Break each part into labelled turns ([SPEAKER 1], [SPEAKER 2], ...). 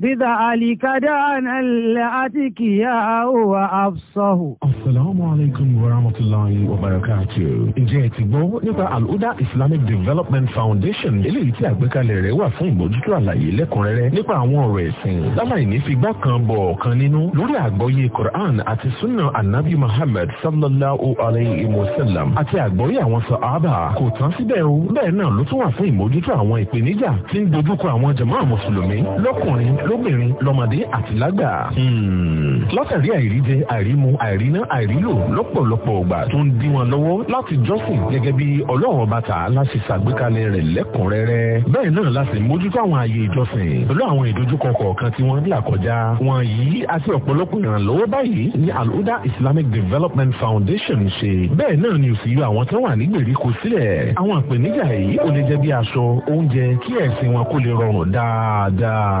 [SPEAKER 1] بذلك دعنا الأتكياء وأفصه
[SPEAKER 2] السلام عليكم ورحمة الله وبركاته ǹjẹ́ ẹ ti gbọ́ nípa Al-Huda Islamic Development Foundation eléyìí tí àgbékalẹ̀ rẹ̀ wà fún ìmójútó àlàyé lẹ́kùnrẹ́rẹ́ nípa àwọn ọ̀rọ̀ ẹ̀sìn láláì ní figbá kan bọ̀ ọ̀kan nínú lórí àgbọ́yé Quran àti sunna Anabi Muhammad sallallahu alayhi wa sallam àti àgbọ́yé àwọn sàhábà kò tán síbẹ̀ o bẹ́ẹ̀ náà ló tún wà fún ìmójútó àwọn ìpèníjà tí ń dojúkọ àwọn jàmáà mùsùlùmí lọ́kùnrin lóbìnrin lọ́mọdé àti lágbà. Hmm. lọ́tàrí àìríjẹ àìrímu àìríná àìrílò lọ́pọ̀lọpọ̀ ọgbà tó ń dí wọn lọ́wọ́ láti jọ́sìn gẹ́gẹ́ bí ọlọ́run ọba tà á láti ṣàgbékalẹ̀ rẹ̀ lẹ́kùnrẹ́rẹ́. bẹ́ẹ̀ náà láti mójútó àwọn ààyè ìjọsìn pẹ̀lú àwọn ìdojúkọ kọ̀ọ̀kan tí wọ́n là kọjá. wọ́n yìí àti ọ̀pọ̀lọpọ̀ ìrànlọ́wọ́ báyìí ní al Islamic Development Foundation ṣe. bẹ́ẹ̀ náà ni òsì yọ àwọn tó wà ní gbèríko sílẹ̀. àwọn ìpèníjà yìí kò lè jẹ́ bí aṣọ oúnjẹ kí ẹ̀sìn wọn kó lè rọrùn dáadáa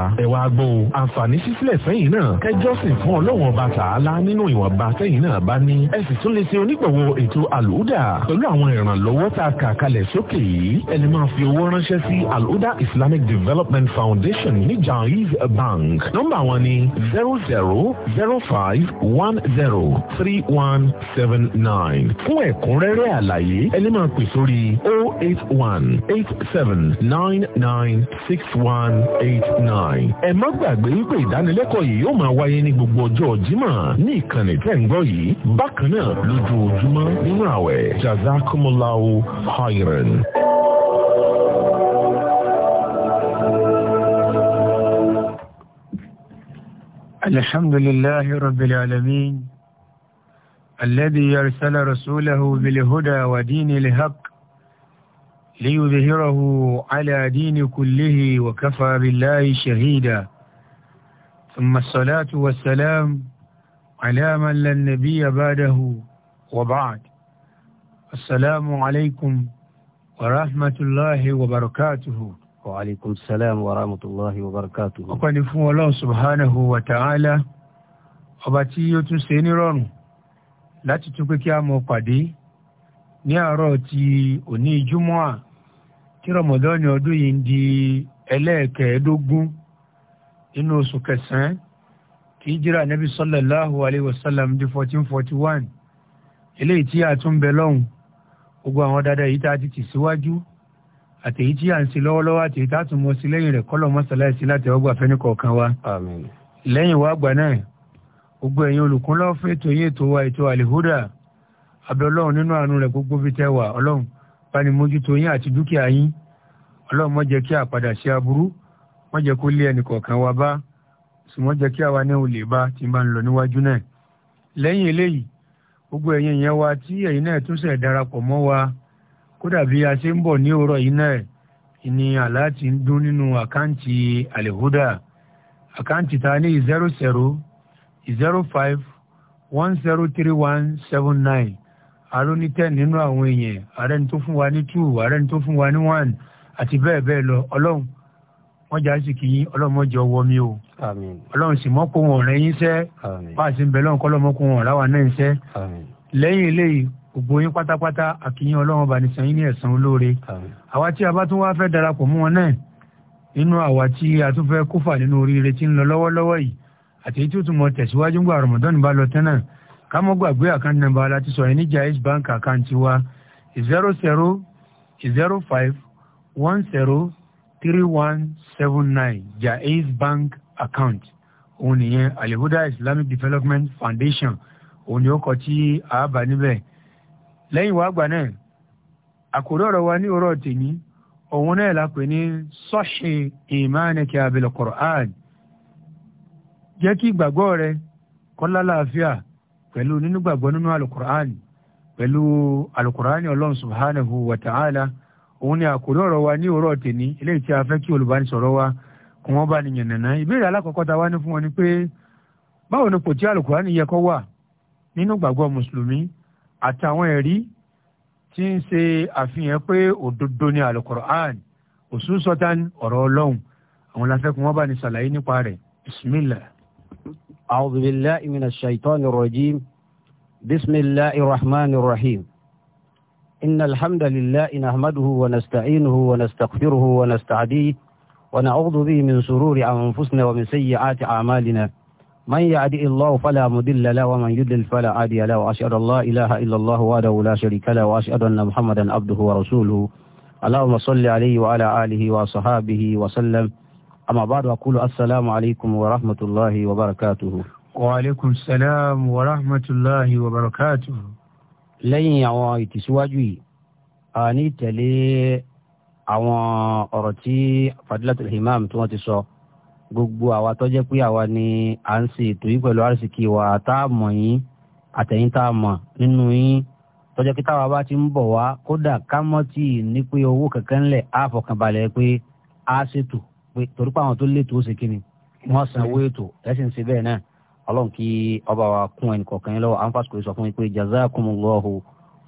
[SPEAKER 2] gbọ́ o àǹfààní sísílẹ̀ sẹ́yìn náà kẹjọ́sìn fún ọlọ́run ọba tààlà nínú ìwọ̀nba sẹ́yìn náà bá ní ẹ sì tún lè ṣe onígbọ̀wọ́ ètò àlùdà pẹ̀lú àwọn ìrànlọ́wọ́ tá a kà kalẹ̀ sókè yìí ẹ lè máa fi owó ránṣẹ́ sí àlùdà Islamic Development Foundation ní Jaiz Bank nọ́mbà wọn ni zero zero zero five one zero three one seven nine fún ẹ̀kúnrẹ́rẹ́ àlàyé ẹ lè máa pè sórí oh eight one eight seven nine nine six one eight nine má gbàgbé wípé ìdánilẹ́kọ̀ọ́ yìí yóò máa wáyé ní gbogbo ọjọ́ Jímọ̀ ní ìkànnì tẹ́ ń gbọ́ yìí bákan náà lójoojúmọ́ nínú àwẹ̀ jazakumullahu khairan.
[SPEAKER 3] الحمد لله رب العالمين الذي أرسل رسوله بالهدى ودين الحق ليظهره على دين كله وكفى بالله شهيدا ثم الصلاة والسلام على من لا نبي بعده وبعد السلام عليكم ورحمة الله وبركاته وعليكم السلام ورحمة الله وبركاته ọpẹ́ ni fún Ọlọ́run subhanahu wa ta'ala ọba tí ó tún ṣe ní rọrùn láti tún pé kí a mọ pàdé ní àárọ̀ ti òní ìjúmọ́à tí rọmọdọ́ni ọdún yìí ń di ẹlẹ́ẹ̀kẹ́ẹ̀ẹ́dógún inú oṣù kẹsàn-án kí jíra nẹ́bí sallallahu alayhi wa di 1441 eléyìí tí a tún bẹ lọ́hùn gbogbo àwọn dáadáa èyí tá a ti tì síwájú àti èyí tí a ń ṣe lọ́wọ́lọ́wọ́ àti èyí tá a tún mọ sí lẹ́yìn rẹ̀ kọ́lọ̀ mọ́sálásí láti ọgbà fẹ́ni kọ̀ọ̀kan wa. àmín. lẹ́yìn wa àgbà náà gbogbo ẹ̀yin olùkúnlọ́ fún ètò ètò wa ètò àlèhódà abẹ́ ọlọ́run nínú àánú rẹ̀ gbogbo fi tẹ́ wà ọlọ́run bá ní mójútó yín àti dúkìá yín ọlọ́run mọ́ jẹ́ kí àpàdà ṣe aburú wọ́n jẹ́ kó lé ẹnì kọ̀ọ̀kan wa bá ṣùgbọ́n jẹ́ kí àwa náà ò lè bá tí n bá ń lọ níwájú náà lẹ́yìn eléyìí gbogbo ẹ̀yin ìyẹn wa tí ẹ̀yin náà tún ṣẹ̀ darapọ̀ mọ́ wa kódà bí a ṣe ń bọ̀ ní òwúrọ̀ yìí náà ni àlá ti ń dún nínú àkáǹtì àlèhúdà àkáǹtì ta ní zero zero zero five one zero three one seven nine àrùn ní ten nínú àwọn èèyàn ààrẹ ni tó fún wa ní two ààrẹ ni tó fún wa ní one àti bẹ́ẹ̀ bẹ́ẹ̀ lọ ọlọ́run wọ́n já sí kì í ọlọ́mọjọ wọ mi o ọlọ́run sì mọ́ kó wọn rẹ̀ yín sẹ́ fáàsì ń bẹ lọ́nkọ́ lọ́mọ kó wọn ráwa náà ń sẹ́ lẹ́yìn eléyìí gbogbo yín pátápátá àkìyìn ọlọ́run ọba nìsan yín ní ẹ̀san olóore àwa tí a bá tún wáá fẹ́ darapọ̀ mú wọn náà nínú àwa tí a tún fẹ́ kófà nínú oríire tí ń lọ lọ́wọ́lọ́wọ́ yìí àti tí ó tún mọ tẹ̀síwájú ń gbà rọ̀mọ̀dọ́n bá lọ tẹ́nà ká gbàgbé àkáǹtì nàmbà láti sọ ẹni Jaiz bank àkáǹtì wa zero zero zero five one zero three one seven nine jaiz bank account òun nìyẹn alihuda islamic development foundation òun ni ó kọ tí a bá níbẹ̀ lẹ́yìn wàá gbà náà àkórí ọ̀rọ̀ wa ní ọ̀rọ̀ tèmi òun náà la pè ní sọ́ọ̀ṣì ìmánìkì abilẹ̀ Qur'an jẹ́ kí ìgbàgbọ́ rẹ kó lálàáfíà pẹ̀lú nínú gbàgbọ́ nínú alukur'an pẹ̀lú alukur'an ọlọ́run subhanahu wa ta'ala òun ni àkórí ọ̀rọ̀ wa ní òórọ̀ tèní eléyìí tí a fẹ́ kí olùbánisọ̀rọ̀ wa kò wọ́n bá ní yànnàná ìbéèrè alákọ̀ọ́kọ́ ta wá ní fún wọn ni pé báwo ni kò tí àlùkùránì yẹ kó wà nínú gbàgbọ́ mùsùlùmí àtàwọn ẹ̀rí tí ń ṣe àfihàn pé òdodo ni àlùkùránì òsùn sọ́tàn ọ̀rọ̀ ọlọ́run àwọn lafẹ́kùn wọn bá ní sàlàyé nípa rẹ̀ bismillah. a'udhu billahi minash
[SPEAKER 1] rahim. إن الحمد لله نحمده ونستعينه ونستغفره ونستعديه ونعوذ به من سرور أنفسنا ومن سيئات أعمالنا من يعدي الله فلا مدل له ومن يدل فلا عادي له وأشهد أن لا إله إلا الله وحده لا شريك له وأشهد أن محمدا عبده ورسوله اللهم صل عليه وعلى آله وصحابه وسلم أما بعد أقول السلام عليكم ورحمة الله وبركاته
[SPEAKER 3] وعليكم السلام ورحمة الله وبركاته lẹ́yìn àwọn ìtìsíwájú yìí a ní tẹ̀lé
[SPEAKER 1] àwọn ọ̀rọ̀ tí fadilatul himam tí wọ́n ti sọ gbogbo àwa tó jẹ́ pé àwa ni à ń ṣe ètò yìí pẹ̀lú àrísìkí wa tá a mọ̀ yín àtẹ̀yìn tá a mọ̀ nínú yín tó jẹ́ pé táwa bá ti ń bọ̀ wá kódà ká mọ́ tí ní pé owó kankan ńlẹ̀ á fọkànbalẹ̀ pé á ṣètò pé torí tó lè tó ṣe kí ni wọ́n sanwó ètò ẹ̀sìn ṣe bẹ́ẹ̀ náà ọlọ́run kí ọba wa kún ẹnì kọ̀ọ̀kan yín lọ́wọ́ anfàsíkò sọ fún mi pé jazakumullahu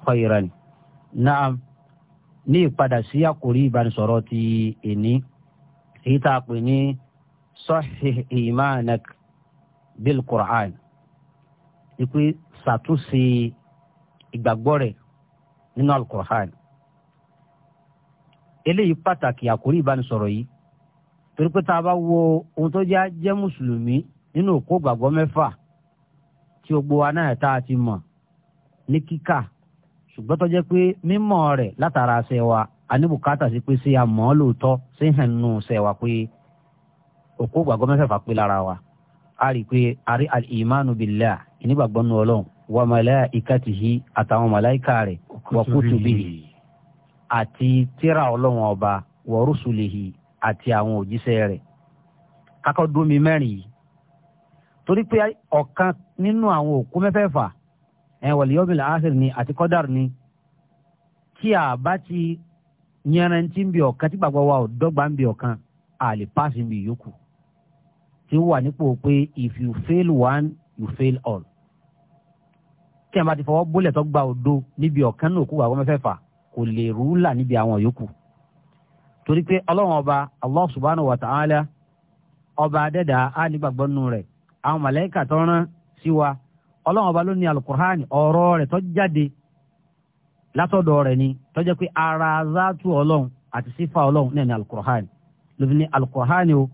[SPEAKER 1] khairan naam ní ìpadà sí àkórí ìbánisọ̀rọ̀ ti èní èyí tá a pè ní sahih imanak bil qur'an ìpè ṣàtúnṣe ìgbàgbọ́ rẹ̀ nínú al eléyìí pàtàkì àkórí ìbánisọ̀rọ̀ yìí torí tá a bá wo ohun tó jẹ́ jẹ́ mùsùlùmí nínú òkú gbàgbọ́ mẹ́fà tí gbogbo wa náà tá a ti mọ̀ ní kíkà ṣùgbọ́n tó jẹ́ pé mímọ̀ rẹ̀ látara ṣe wa àníbùkátà sí pé ṣé a mọ̀ ọ́ lóòótọ́ ṣé hàn nù ṣe wa pé òkú gbàgbọ́ mẹ́fà pé lára wa a rí i pé a rí al-imanu billah ìnígbàgbọ́ nù ọlọ́run wa malaikatihi àtàwọn màláìka rẹ̀ wa kutubihi àti tírà ọlọ́run ọba wa rusulihi àti àwọn òjíṣẹ́ rẹ̀ kákọ́ mẹ́rin yìí torí pé ọ̀kan nínú àwọn òkú mẹ́fẹ̀ẹ̀fà ẹ̀ wàlíyọ́bìnrin àásìrì ni àti kọ́dàrì ni tí a bá ti yẹrantí ń bi ọ̀kan tí gbàgbọ́ wa ò dọ́gba ń bi ọ̀kan a lè pass ń bi yòókù tí ó wà nípò pé if you fail one you fail all tí a bá ti fọwọ́ bólẹ̀ tó gba òdo níbi ọ̀kan náà òkú gbàgbọ́ mẹ́fẹ̀ẹ̀fà kò lè rúlà níbi àwọn yòókù torí pé ọlọ́run ọba allah subhanahu wa ta'ala ọba adẹ́dàá á nígbàgbọ́ nù rẹ̀ àwọn màláíkà tó rán sí wa ọlọ́run ọba ló ní alukur'ani ọ̀rọ̀ rẹ̀ tó jáde látọ̀dọ̀ rẹ̀ ni tó jẹ́ pé ara záàtú ọlọ́run àti sífà ọlọ́run náà ní alukur'ani lóbi ní alukur'ani o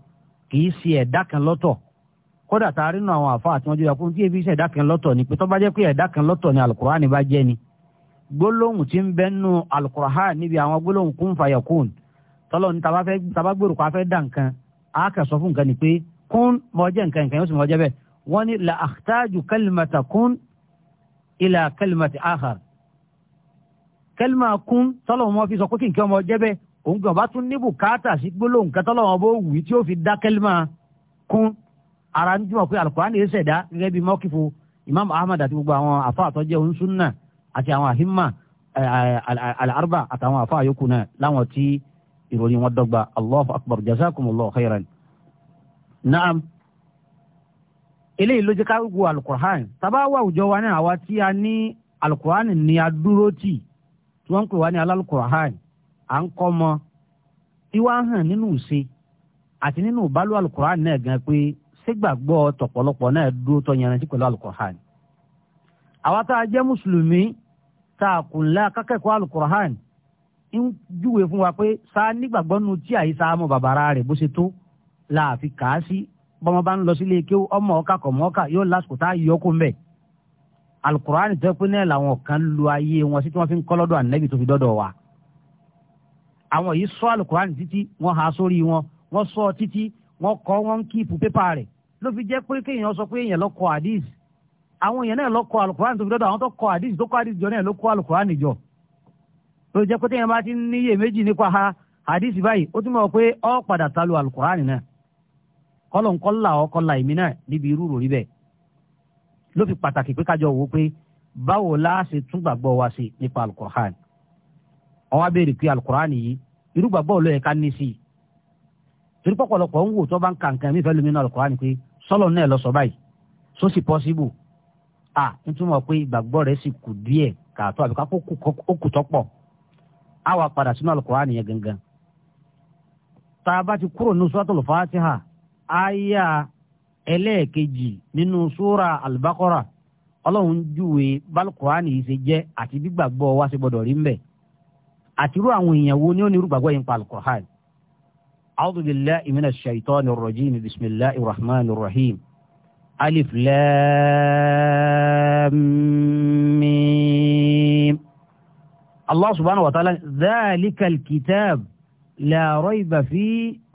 [SPEAKER 1] kì í ṣe ẹ̀dá kan lọ́tọ̀ kódà tá a rí nù àwọn àfa àti wọn jọ yàkùn tí ebi ṣe ẹ̀dá kan lọ́tọ̀ ni pé tó bá jẹ́ pé ẹ̀dá kan lọ́tọ̀ ni alukur'ani bá jẹ́ ni gbólóhùn tí ń bẹ nù alukur'ani níbi àwọn gbólóhùn kún fàyàkùn tọ́lọ́ ní tabá gbèrò pa fẹ́ dà nǹkan á kà sọ fún nǹkan ni pé kún mọ̀ọ́jẹ́ nǹkan nǹkan yóò sì mọ̀ọ́jẹ́ bẹ́ẹ̀ wọ́n ní la àktájú kálímàtà kún ilà kálímàtì àhàr kálímà kún tọ́lọ́wọ́n mọ́ fi sọ pé kí nǹkan mọ̀ọ́jẹ́ bẹ́ẹ̀ òun gbọ́n bá tún ní bùkátà sí gbólóhùn kan tọ́lọ́wọ́n bó wù tí ó fi dá kálímà kún ara ń jùmọ̀ pé alukur'an yìí ṣẹ̀dá gẹ́gẹ́ bí mọ́kìfù imam ahmad àti gbogbo àwọn afa àtọ́jẹ́ onísùnà àti àwọn àhímà al àtàwọn afa àyókù náà láwọn tí ìròyìn wọn dọ́gba allahu akbar jazakumullahu khairan naam eléyìí ló jẹ́ ká wo alukur'an tábà wà àwùjọ wa ní àwa tí a ní alukur'an ní a dúró tì tí wọ́n ń pè wá ní alalukur'an à ń kọ́ mọ́ tí wàá hàn nínú ìṣe àti nínú ìbálò alukur'an náà gan pé sígbàgbọ́ tọ̀pọ̀lọpọ̀ náà dúró tọ́ yanrantí pẹ̀lú alukur'an àwa tá a jẹ́ mùsùlùmí tá a kùn lá kákẹ́kọ̀ọ́ alukur'an ń júwe fún wa pé sáà nígbàgbọ́ nu tí àyíṣà mọ́ bàbá rẹ̀ bó ṣe tó láàfi kà á sí bọ́mọ bá ń lọ sílé kí ọmọ ọkà kọ̀mọ́ ọkà yóò lásìkò tá a yọ kó mbẹ́ alukuraani tó pé náà làwọn kan lu ayé wọn sí tí wọ́n fi ń kọ́ lọ́dọ̀ ànábì tó fi dọ́dọ̀ wa àwọn yìí sọ alukuraani títí wọ́n há sórí wọn wọ́n sọ títí wọ́n kọ́ wọ́n ń kíìpù pépà rẹ̀ ló fi jẹ́ pé kéèyàn sọ pé èèyàn lọ kọ hadith àwọn èèyàn náà lọ kọ alukuraani tó fi dọ́dọ̀ àwọn tó kọ hadith tó kọ hadith jọ náà ló kọ alukuraani jọ ló jẹ́ pé téèyàn bá ti níyè méjì nípa hadith báyìí ó túmọ̀ pé ó padà ta lu náà kọ́lọ̀ ńkọ́là ọkọ́là èmi náà níbi irú ròrí bẹ́ẹ̀ ló fi pàtàkì pé kájọ wò pé báwo la tún gbàgbọ́ wa ṣe nípa alukur'an ó wá pé alukur'an yìí irú gbàgbọ́ ló yẹ ká ní sí i torí pọ̀pọ̀lọpọ̀ ń wò tó bá ń ka fẹ́ lómi náà alukur'an pé náà lọ sọ báyìí so sì pọ́síbù à ń túmọ̀ pé ìgbàgbọ́ rẹ̀ sì kù díẹ̀ kàtó àbíká ó kù tọ́pọ̀ á wà padà sínú alukur'an yẹn gangan tá a bá àyà ẹlẹ́ẹ̀kejì nínú súra al-Baqara ọlọ́run júwe balùkùránì yìí ṣe jẹ́ àti gbígbàgbọ́ wa ṣe gbọ́dọ̀ rí mbẹ̀ àtirú àwọn èèyàn wo ni ó ní irúgbàgbọ́ yìí ń pa alukọ̀hán. a'udhu billahi minash shaitanir rajim bismillahir rahmanir rahim alif lam allah subhanahu wa ta'ala dhalikal kitab la fi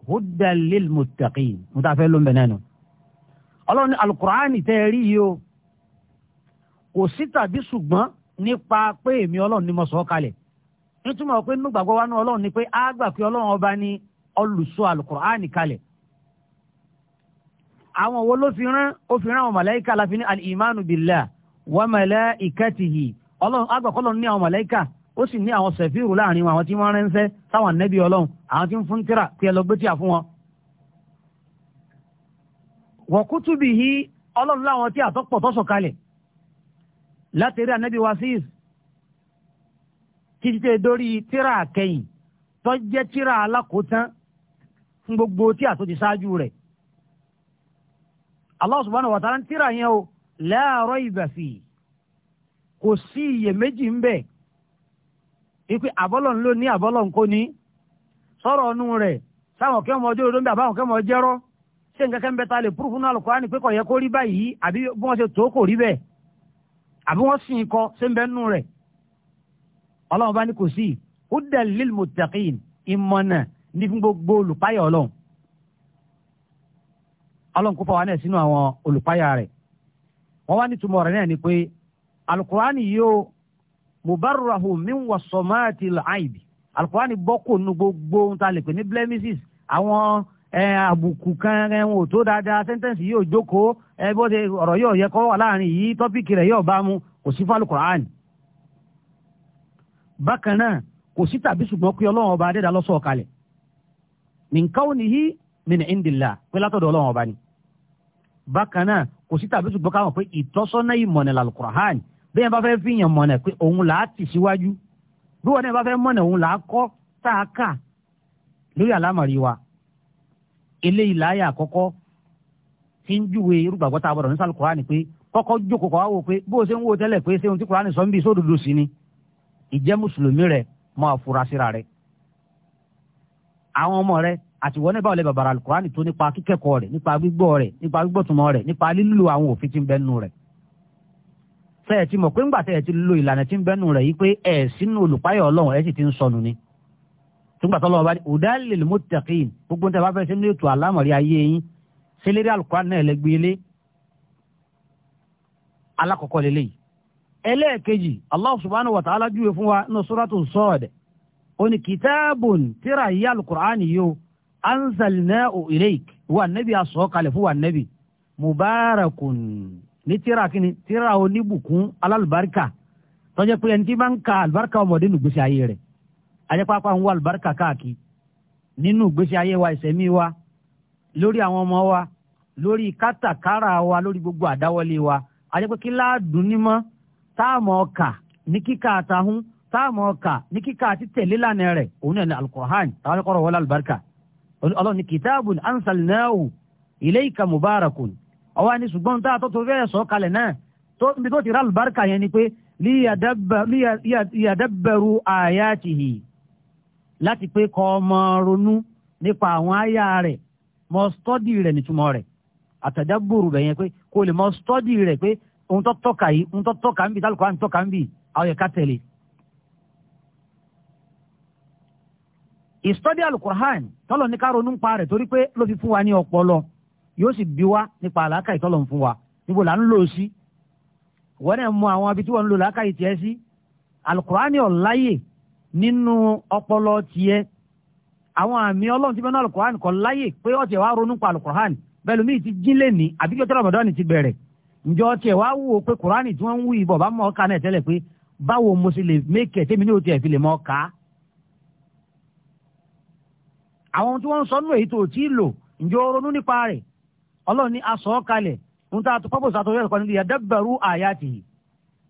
[SPEAKER 1] hudan lil muttaqin mo ta fẹ́ ló ń bẹ̀ náà nù. ọlọ́run ní alukur'ani tẹ́ ẹ rí yìí o kò sí tàbí ṣùgbọ́n nípa pé èmi ọlọ́run ni mo sọ kalẹ̀ nítumọ̀ pé nínú gbàgbọ́ wa ní ọlọ́run ni pé á gbà pé ọlọ́run ọba ni olùsọ alukur'ani kalẹ̀ àwọn wo ló fi rán ó fi rán àwọn màláìka láfi ní al-imanu billah wa màláìkatihi ọlọ́run agbàkọ́lọ́run ní àwọn màláìka ó sì ní àwọn sẹ̀fíìrù láàrin wọn àwọn tí wọ́n ránṣẹ́ sáwọn ànábì ọlọ́run àwọn tí ń fún tíra pé ẹ lọ gbé tíà fún wọn. wọ̀kútùbì yìí ọlọ́run láwọn tí àtọ́pọ̀ tọ́sọ̀ kalẹ̀ látẹ̀rí títí tẹ dórí tíra àkẹyìn jẹ́ tíra alákòótán fún gbogbo tí àtó ti ṣáájú rẹ̀. tíra yẹn o la rayba fi kò sí iyèméjì ń bẹ́ẹ̀ ipe àbọ́lọ̀n ló ní àbọ́lọ̀n kò ní sọ̀rọ̀ ọ̀nù rẹ̀ sáwọn kẹ́ ọmọ ọjọ́ òdòdó àbáwọn kẹ́ ọmọ ọjẹ́ rọ́ ṣé nǹkan kan bẹ ta lè púrúfù náà lọ́kọ́ ní pé kò yẹ kó rí báyìí àbí bí wọ́n ṣe tó kò rí bẹ́ẹ̀ àbí wọ́n sìn kọ ṣé ń bẹ́ nù rẹ̀ ọlọ́run bá ní kò sí hudan lil muttaqin ìmọ̀nà ní fún gbogbo olùpáyà ọlọ́run ọlọ́run kó fà náà sínú àwọn olùpáyà rẹ̀ wọ́n wá nítumọ̀ rẹ̀ náà ni pé alukurani yóò mubarrahu min wasomati al-aibi alukurani bọ́kò nu gbogbo ohun tá a lè pè ní blemishes àwọn àbùkù kan ẹ̀hún ò tó dáadáa sẹ́ńtẹ́ǹsì yóò jókòó ẹ bó ṣe ọ̀rọ̀ yóò yẹ kọ́ wà láàrin yìí tọ́pìkì rẹ̀ yóò bá mu kò sí fún alukurani. bákan náà kò sí tàbí ṣùgbọ́n pé ọlọ́run ọba adéda lọ́sọ̀ kalẹ̀ min kawnihi min indillah pé látọ̀dọ̀ ọlọ́run ọba ni. bákan náà kò sí tàbí ṣùgbọ́n káwọn pé ìtọ́sọ́nà ìmọ̀nà alukurani bẹ́ẹ̀ bá fẹ́ fìyàn mọ̀nà pé òun là á tì síwájú bí wọn náà bá fẹ́ mọ̀nà òun là á kọ́ tá a kà lórí àlámọ̀rí wa eléyìí láyà àkọ́kọ́ tí ń júwe irúgbàgbọ́ tá a bọ̀dọ̀ ní sálù kùránì pé kọ́kọ́ jókòó kọ́ wá wò pé bó o ṣe ń wò tẹ́lẹ̀ pé ṣé ohun tí kùránì sọ ń bí sódodo sí ni ìjẹ́ mùsùlùmí rẹ̀ máa fura síra àwọn ọmọ rẹ̀ àti wọn náà bàbàrà kùránì tó nípa kíkẹ́kọ̀ọ́ rẹ̀ nípa gbígbọ́ rẹ̀ nípa gbígbọ́tùmọ̀ rẹ̀ nípa lílo àwọn òfin tí ń bẹ́nu rẹ̀ tẹ́ẹ̀ ti mọ̀ pé ńgbà tẹ́ẹ̀ ti lo ìlànà tí ń bẹ́nu rẹ̀ yìí pé ẹ̀ sínú olùpáyọ̀ ọlọ́run ẹ̀ sì ti ń sọnù ni tùgbà tó gbogbo níta bá fẹ́ sínú ètò àlámọ̀rí ayé yín sílérí alukóran náà lẹ́gbẹ́ ilé e alákọ̀ọ́kọ́ lélẹ̀ yìí ẹlẹ́ẹ̀kejì Allah subhanahu wa ta'ala fún wa kìtáàbùn o ní tíra kínní tíra oníbùkún alálùbáríkà tọ́jẹ́ pé ẹni tí bá ń ka àlùbáríkà ọmọdé nù gbèsè ayé rẹ̀ ajẹ́pápá ń wá àlùbáríkà káàkiri nínú gbèsè ayé wa ìsẹ̀mí wa lórí àwọn ọmọ wa lórí kátàkárà wa lórí gbogbo àdáwọlé wa ajẹ́pẹ́ kí láàdùn nímọ́ táàmù ọkà ní kíkà àtàhún táàmù ọkà ní kíkà àti tẹ̀lé lánàá rẹ̀ òun náà ní táwọn ọkọ̀ wọlé àlùbáríkà ọlọ́run mubarakun ọwọ́ ẹni ṣùgbọ́n tá a tó torí ẹ̀ sọ kalẹ̀ náà tó níbi tó ti rà lùbáríkà yẹn ni pé liyadabbaru ayatihi láti pé kọ́ ọmọ ronú nípa àwọn àyà rẹ̀ mọ stọ́dì rẹ̀ nítumọ̀ rẹ̀ àtàdábòrò rẹ̀ yẹn pé kó lè mọ stọ́dì rẹ̀ pé ohun tó tọ́ka yìí ohun tó tọ́ka ń bì tálùkọ́ àti tọ́ka ń àwọn ẹ̀ka tẹ̀lé. ìstọ́dì alukur'an tọ́lọ̀ ní ká ronú pa rẹ̀ torí pé ló fi fún wa ní ọpọlọ yóò sì bí wa nípa àlàkà ìtọ́lọ̀ ń fún wa níbo là ń lò ó sí wọ́n náà mú àwọn abití wọ́n ń lò làákà ìtìẹ́ sí alukurani ọ̀láyè nínú ọpọlọ tiẹ̀ àwọn àmì ọlọ́run ti bẹ́ẹ̀ náà alukurani kọ́ láyè pé ọ̀tẹ̀ wa ronú pa alukurani bẹ́ẹ̀ lómi ti jí lé ní àbíkẹ́ tẹ́lẹ̀ ọ̀mọ̀dọ́ni ti bẹ̀rẹ̀ ǹjọ́ tiẹ̀ wá wò ó pé kurani tí wọ́n ń wú ibọ̀ bá mọ̀ ọ́ náà tẹ́lẹ̀ pé báwo mo sì lè mékè tèmi ní o tiẹ̀ fi lè mọ̀ ọ́ ọlọ́run ní aṣọ kalẹ̀ ń tá a tó pọ́pọ̀ sàtọ́ yẹn kọ́ níbi yàdẹ́bẹ̀rú àyàtì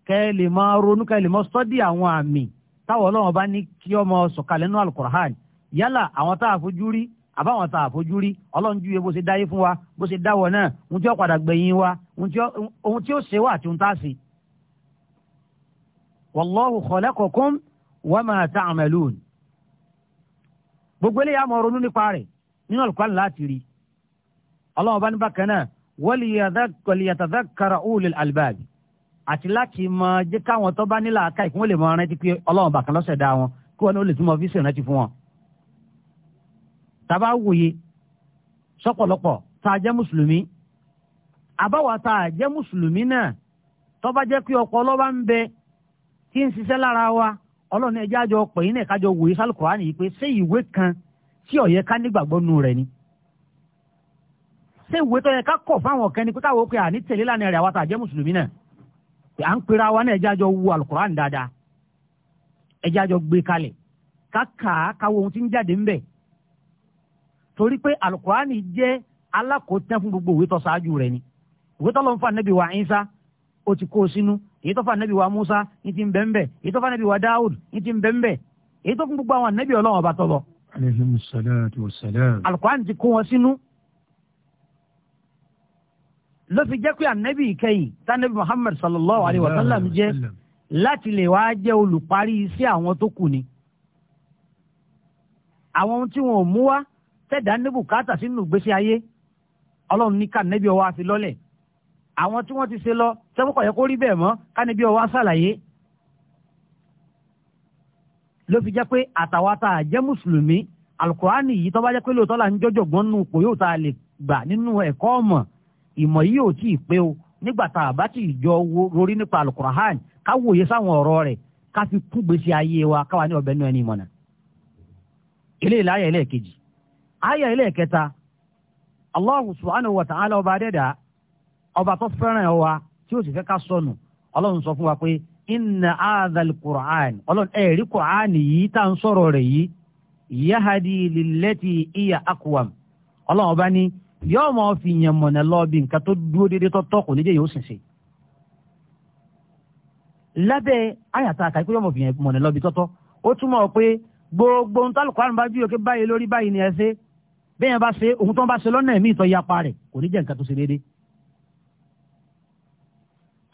[SPEAKER 1] kẹ́ ẹ lè máa ronú kẹ́ ẹ lè máa sọ́dí àwọn àmì táwọn ọlọ́run bá ní kí ọmọ sọ̀kalẹ̀ nínú alukur'an yálà àwọn tá a fojú rí àbáwọn tá a fojú rí ọlọ́run júwe bó ṣe dáyé fún wa bó ṣe dáwọ̀ náà ohun tí ó padà gbẹ̀yìn wa ohun tí ó ṣe wà àti ohun tá a ṣe. wallahu khalaqakum wa ma ta'malun gbogbo eléyàá mọ̀ ronú nípa rẹ̀ nínú alukur'an láti rí ọlọ́run bá ní bákan náà waliyatadhakkara ulul albab àti láti mọ jẹ́ káwọn tó bá nílà ká ìkún lè mọ rántí pé ọlọ́run bàkan lọ́sẹ̀ dá wọn kí wọn ó lè túmọ̀ fíṣẹ̀ rántí fún wọn. tàbá wòye sọ́pọ̀lọpọ̀ tá a jẹ́ mùsùlùmí àbáwá tá a jẹ́ mùsùlùmí náà tó bá jẹ́ pé ọkọ̀ ọlọ́ba ń bẹ tí ń ṣiṣẹ́ lára wa ọlọ́run ẹjẹ́ àjọ pẹ̀yìn náà kájọ wòye sálùkùránì ṣé ìwé tó yẹ ká kọ̀ fáwọn kan ni pé káwọ́ pé àní tẹ̀lé lánàá rẹ̀ àwọn àtàjẹ́ mùsùlùmí náà à ń pera wa náà ẹjẹ́ àjọ wu alukuran dáadáa ẹjẹ́ àjọ gbé kalẹ̀ ká kà á káwọ́ ohun tí ń jáde ńbẹ̀ torí pé alukuran jẹ́ alákòótán fún gbogbo ìwé tó ṣáájú rẹ̀ ni ìwé tó lọ ń fa nẹ́bí wa Ìsá ó ti kó o sínú èyí tó fa nẹ́bí wa Musa ló fi jẹ́ pé ànábì ìkẹyìn tánàbì Muhammad sallallahu alayhi wa sallam jẹ́ láti lè wá jẹ́ olùparí iṣẹ́ àwọn tó kù ni àwọn ohun tí wọn ò mú wá tẹ̀dá níbù káàtà sínú ìgbésí ayé ọlọ́run ní kànẹ́bí ọwọ́ àfi lọ́lẹ̀ àwọn tí wọ́n ti ṣe lọ sẹ́wọ́n kọ̀ yẹ kó rí bẹ́ẹ̀ mọ́ kánẹ́bí ọwọ́ àṣàlàyé ló fi jẹ́ pé àtàwátà jẹ́ mùsùlùmí alukurani yìí tó bá jẹ́ pé lóòótọ́ là ń jọ́jọ̀ gbọ́n nù pò yóò ta lè gbà nínú ẹ̀kọ́ ọ̀mọ̀ ìmọ̀ yìí ò tí ì pé o nígbà tá a bá ti jọ rorí nípa alukurahan ká wòye sáwọn ọ̀rọ̀ rẹ̀ ká fi kún gbèsè ayé wa káwa ní ọbẹ̀ náà ní ìmọ̀nà. eléyìí láyà ẹlẹ́ẹ̀kejì ayà ẹlẹ́ẹ̀kẹta Allahu subhanahu wa ta'ala ọba adẹ́dà ọba tó fẹ́ràn wa tí ó sì fẹ́ ká sọnù ọlọ́run sọ fún wa pé inna aadhal qur'an ọlọ́run ẹ̀rí qur'an yìí tá à ń sọ̀rọ̀ rẹ̀ yìí yahadi lillati iya akwam ọlọ́run ọba ní yóò mọ fi yàn mọ̀nà lọ bí nǹkan tó dúró déédéé tọ́tọ́ kò ní jẹ́ yóò ṣìnṣìn lábẹ́ àyàtà àkàkí yóò mọ fi yàn mọ̀nà lọ bí tọ́tọ́ ó túmọ̀ pé gbogbo ohun tálùkọ́ àrùn bá júwèé pé báyìí lórí báyìí ni ẹ ṣe bẹ́ẹ̀ yẹn bá ṣe ohun tó ń bá ṣe lọ́nà ẹ̀mí ìtọ́ yapa rẹ̀ kò ní jẹ́ nǹkan tó ṣe déédéé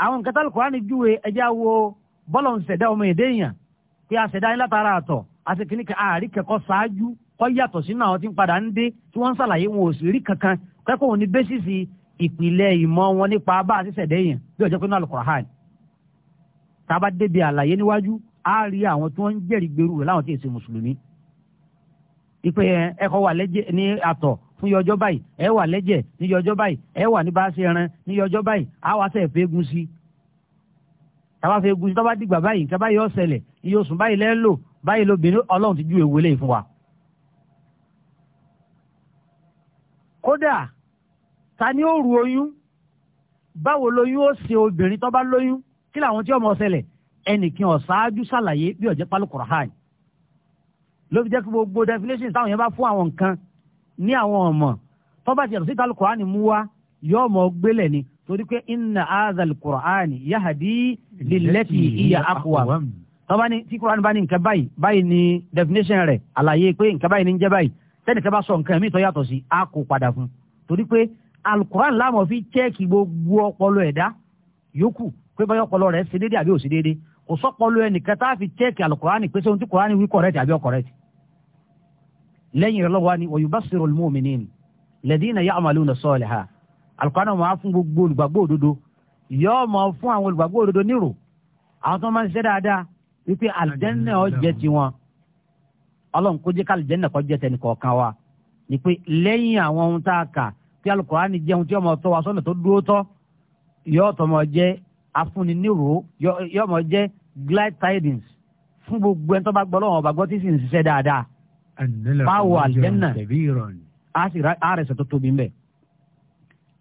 [SPEAKER 1] àwọn nǹkan tálùkọ́ àrùn júwèé ẹja wo bọ́lọ̀ ń ṣẹ̀dá ọmọ èdè èèyàn pé a ṣẹ̀dá yín látara àtọ̀ kọ́ yàtọ̀ sínú àwọn tí ń padà ń dé tí wọ́n ń ṣàlàyé wọn ò sì rí kankan kẹ́kọ̀ọ́ wọn ní bẹ́sìsì ìpìlẹ̀ ìmọ̀ wọn nípa bá a ti ṣẹ̀dẹ̀ yẹn bí ọjọ́ pé náà Al-Qur'an tá a bá débi àlàyé níwájú á rí àwọn tí wọ́n ń jẹ́rìí gbèrú rẹ̀ láwọn tí èsì mùsùlùmí ìpè ẹ̀kọ́ wà lẹ́jẹ̀ ní àtọ̀ fún iye ọjọ́ báyìí ẹ wà lẹ́jẹ̀ ní iye ọjọ́ báyìí ẹ wà ní bá a ṣe ẹran ní iye báyìí á wá sẹ̀ fẹ́ egun sí tàbá fẹ́ egun sí i dìgbà báyìí nǹkan báyìí ó ṣẹlẹ̀ kódà ta ni ó ru oyún báwo lóyún ó ṣe obìnrin tó bá lóyún kí làwọn tí ọmọ ọsẹlẹ̀ ẹnìkan ọ̀ṣáájú ṣàlàyé bí ọ̀jẹ̀ pálukọ̀rọ̀ hàn ló fi jẹ́ kí gbogbo definition táwọn yẹn bá fún àwọn nǹkan ní àwọn ọmọ tó bá ti yàtọ̀ sí pálukọ̀rọ̀ mú wá yóò mọ̀ gbélẹ̀ ni torí pé inna azal qur'ani yahadi lilati iya aqwa tọ́ba ni tí qur'an bá ní nǹkan báyìí báyìí ni definition rẹ̀ àlàyé pé nǹkan báyìí ní ń jẹ́ báyìí tẹ́nìkan bá sọ nǹkan mi tó yàtọ̀ sí a kò padà fún torí pé alukuran láàmú fi chẹ́ẹ̀kì gbogbo ọpọlọ ẹ̀dá yòókù pé báyọ̀ ọpọlọ rẹ̀ ṣe déédéé àbí ò ṣe déédéé kò sọpọlọ ẹnìkan tá a fi chẹ́ẹ̀kì alukuran pé sóhun tí kuran wí correct àbí correct lẹ́yìn rẹ̀ lọ́wọ́ ni wa yubasiru al-mu'minin ladina ya'maluna saliha alukuran máa fún gbogbo olùgbàgbọ́ òdodo yóò máa fún àwọn olùgbàgbọ́ òdodo nírò àwọn tó máa ń ọlọ́run kó jẹ́ káàlì jẹ́nà kọjá tẹnì kọ̀ọ̀kan wa ni pé lẹ́yìn àwọn ohun tá a kà tí alukurani jẹun tí ọmọ tọ́ wa sọ́nà tó dúró tọ́ yóò tọmọ jẹ́ afúnni nírò yóò mọ jẹ́ glad tidings fún gbogbo ẹni tó bá gbọ́ lọ́wọ́ ọba gbọ́ tí sì ń ṣiṣẹ́ dáadáa.
[SPEAKER 3] báwo àlùjẹ́nà
[SPEAKER 1] a sì àrẹ̀sẹ̀ tó tóbi mbẹ̀.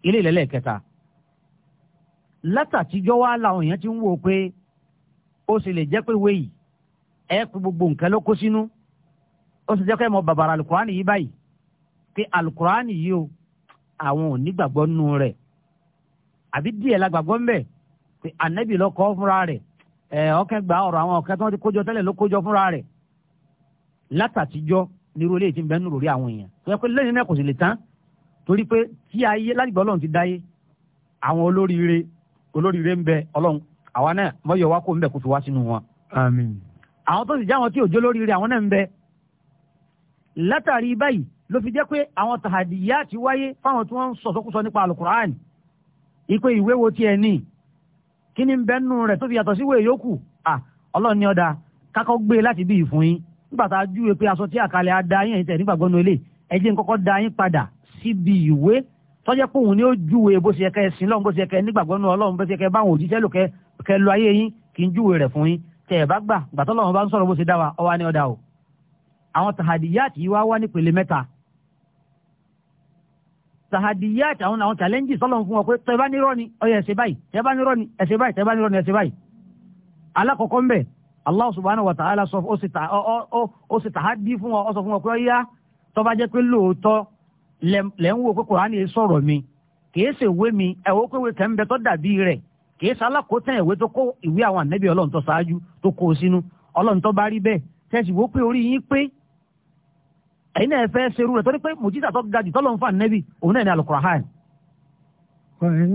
[SPEAKER 1] ilé ìlẹ́lẹ̀ kẹta látàtijọ́ wa làwọn èèyàn ti ń wò pé ó sì lè jẹ́ pé wéyìí ẹ pé gbogbo nǹkan ló kó sínú ó sì jẹ́ kẹ́ mọ bàbàrà alukurani yìí báyìí pé alukurani yìí o àwọn ò ní gbàgbọ́ nù rẹ̀ àbí díẹ̀ la gbàgbọ́ ń bẹ̀ pé anabi ló kọ́ fúnra rẹ̀ ẹ̀ ọkẹ́ gba ọ̀rọ̀ àwọn ọ̀kẹ́ tó ti kójọ tẹ́lẹ̀ ló kójọ fúnra rẹ̀ látàtijọ́ nírú eléyìí ti ń bẹ nù lórí àwọn èèyàn tó yẹ pé lẹ́yìn náà kò sì lè tán torí pé tí ayé lágbègbè ọlọ́run ti dáyé àwọn olóríire olóríire ń bẹ ọlọ́run àwa náà mọ́yọ̀ wá kó ń bẹ kó fi wá sínú wọn. àwọn tó sì já wọn tí òjò lóríire àwọn náà ń bẹ látàrí báyìí ló fi jẹ́ pé àwọn tàhàdìyà ti wáyé fáwọn tí wọ́n ń sọ̀sọ́kúsọ nípa alukur'an ipe ìwé wo tiẹ̀ ní kí ni bẹ́nu rẹ̀ tó fi yàtọ̀ síwé yòókù à ọlọ́run ní ọ̀dà kákọ́ gbé e láti bí ìfún yín nígbà tá a júwe pé aṣọ tí àkàlẹ̀ adá yín ẹ̀yìn tẹ̀ nígbàgbọ́ nu ilé ẹ jẹ́ kọ́kọ́ da yín padà síbi ìwé tọ́jẹ́ pé ni ó júwe bó ṣe kẹ́ sin lọ́run bó ṣe kẹ́ nígbàgbọ́ nu ọlọ́run bó ṣe kẹ́ báwọn òjíṣẹ́ lò kẹ́ kẹ́ lo ayé yín kí n júwe rẹ̀ fún yín tẹ̀ ẹ̀ bá gbà gbàtọ́ lọ́run bá ń sọ̀rọ̀ bó ṣe dá wa ọwá ní ọ̀dà o àwọn tahadiyat yìí wá wá nípele mẹ́ta tahadiyat àwọn àwọn challenges sọlọ́n fún wọn pé tẹ́ bá nírọ́ ni ọyọ ẹ̀sẹ̀ báyìí tẹ́ bá nírọ́ ni ẹ̀sẹ̀ báyìí tẹ́ bá nírọ́ ni ẹ̀sẹ̀ báyìí alákọ̀ọ́kọ́ ń bẹ̀ Allah subhanahu wa ta'ala sọ ó sì ta ó sì tahadi fún wọn ó sọ fún wọn pé ọyá tó bá jẹ́ pé lóòótọ́ mi ṣe ìwé mi tó dàbí rẹ̀ ṣe ìwé tó kó ìwé àwọn ànẹ́bí ọlọ́run tó ṣáájú tó kó o sínú ọlọ́run tó bá rí bẹ́ẹ̀ ẹ̀yin náà fẹ́ ṣerú rẹ̀ torí pé mùjísà tó ga jù tọ́lọ́ ń fà nẹ́bí òun náà ní alukurahan.
[SPEAKER 3] وإن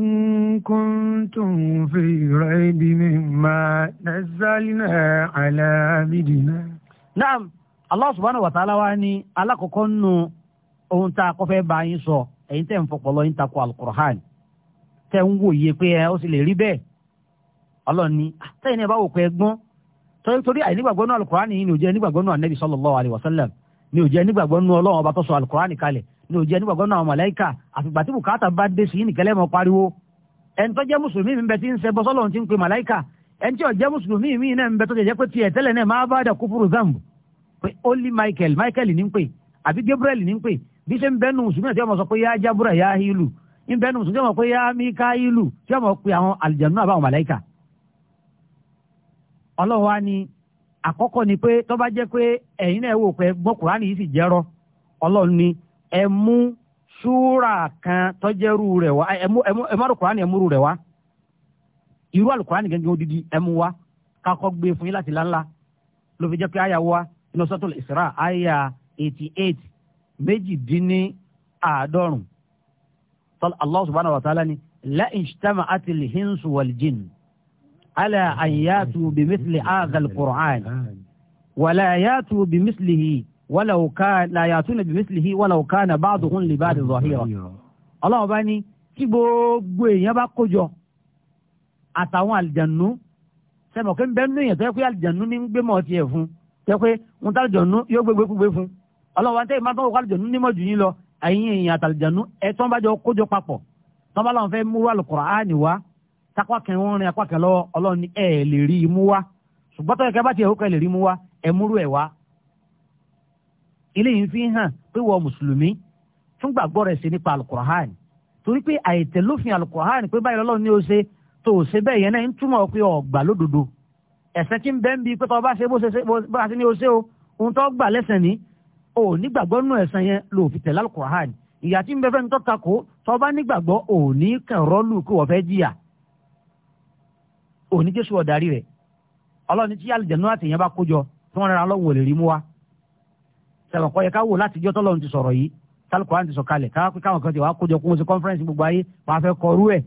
[SPEAKER 3] نعم
[SPEAKER 1] Allah subhanahu wa ta'ala wá ní alákọ̀ọ́kọ́ nù ohun tá a kọ́ fẹ́ bá yín sọ ẹ̀yin tẹ̀ ń fọpọlọ yín takò alukur'an tẹ̀ ń wòye pé ẹ ó sì lè rí bẹ́ẹ̀ ọlọ́ni ah, tẹ̀yìn ẹ bá wò pé ẹ gbọ́n torí àìnígbàgbọ́nù alukur'an yìí ni ò jẹ́ nígbàgbọ́nù anabi sallallahu alayhi wa sallam ni ò jẹ́ nígbàgbọ́ nínú ọlọ́run ọba tó sọ alukurani kalẹ̀ ni ò jẹ́ nígbàgbọ́ nínú àwọn màláíkà àfìgbà tí bùkátà bá dé sí nìkẹ́lẹ́ mọ́ pariwo ẹni tó jẹ́ mùsùlùmí mi bẹ ti ń ṣe bọ́ sọ́lọ́run ti ń pe màláíkà ẹni tí ò jẹ́ mùsùlùmí mi náà ń bẹ tó jẹ́ pé tiẹ̀ tẹ́lẹ̀ náà máa bá dà kúfúrú zambu pé only Michael Michael ní ń pè àbí Gabriel ní ń pè bí ṣe ń bẹ́nu mùsùlùmí tí wọ́n sọ pé yá jábúrà yá hílù ń bẹ́nu mùsùlùmí tí wọ́n sọ pé àkọ́kọ́ ni pé tó bá jẹ́ pé ẹ̀yin náà wò pé gbọ́ kùránì yìí sì jẹ́rọ ọlọ́run ni ẹ mú súrà kan tọ́jẹ́rú rẹ̀ wá ẹ mú ẹ má rò kùránì ẹ múrú rẹ̀ wá irú àlùkùránì gẹ́gẹ́ odidi ẹ mú wá kakọ́ gbé e fún yín láti láńlá ló fi jẹ́ pé àyà wa inú sọ́tò ìsirà àyà eighty eight méjìdínní àádọ́rùn-ún Allah subhanahu wa ta'ala ni la ijtama'atil hinsu wal jinn ala an yatu bi misli hadhal qur'an wala yatu bi mislihi walaw kana la yatuna bi mislihi walaw kana ba'duhum li ba'd zahira Ọlọ́run bá ní tí gbogbo èèyàn bá kójọ àtàwọn àlìjànú sẹmọ kí n bẹ nínú èèyàn tó yẹ pé àlìjànú ní ń gbé mọ tiẹ̀ fún tó yẹ pé ń tá àlìjànú yóò gbégbé kúgbé fún Ọlọ́run àti ìmọ̀ àtọ́wọ́ àlìjànú nímọ̀ jù yín lọ ẹ̀yin èèyàn àtàlìjànú ẹ̀ tó ń bá jọ kójọ papọ̀ tó ń bá láwọn fẹ́ múrú àlùkùránì wá tápá kan wọ́n rin apá kan lọ́wọ́ ọlọ́run ní ẹ̀ lè rí imú wá ṣùgbọ́n tọ́yọ̀ kẹ́bàtì ẹ̀hó kan lè rí imú wá ẹ̀ múrú ẹ̀ wá. eléyìí fi hàn pé wọ́n mùsùlùmí tún gbàgbọ́ rẹ̀ sí nípa alukurahan torí pé àìtẹ̀lófin alukurahan pé báyìí lọ́lọ́run ní o ṣe tó o ṣe bẹ́ẹ̀ yẹn náà ń túmọ̀ pé ọ̀gbà lódodo ẹ̀sẹ̀ tí ń bẹ́ ń bi pé tọ́ ṣe bó ṣe bá ṣe ní o ṣe o ohun tó ò òní jésù ọ̀darí rẹ̀ ọlọ́run ní tí àlùjànnú àti èèyàn bá kójọ tí wọ́n rẹ̀ ọlọ́run ò lè rí mú wa sẹ̀wọ̀n kọ́ yẹ ká wò láti jọ́ tọ́lọ́run ti sọ̀rọ̀ yìí tálùkù àti sọ̀kalẹ̀ káwá pé káwọn kan ti wá kójọ kó wọn ṣe kọ́nfẹ́rẹ́nsì gbogbo ayé wàá fẹ́ kọrú ẹ̀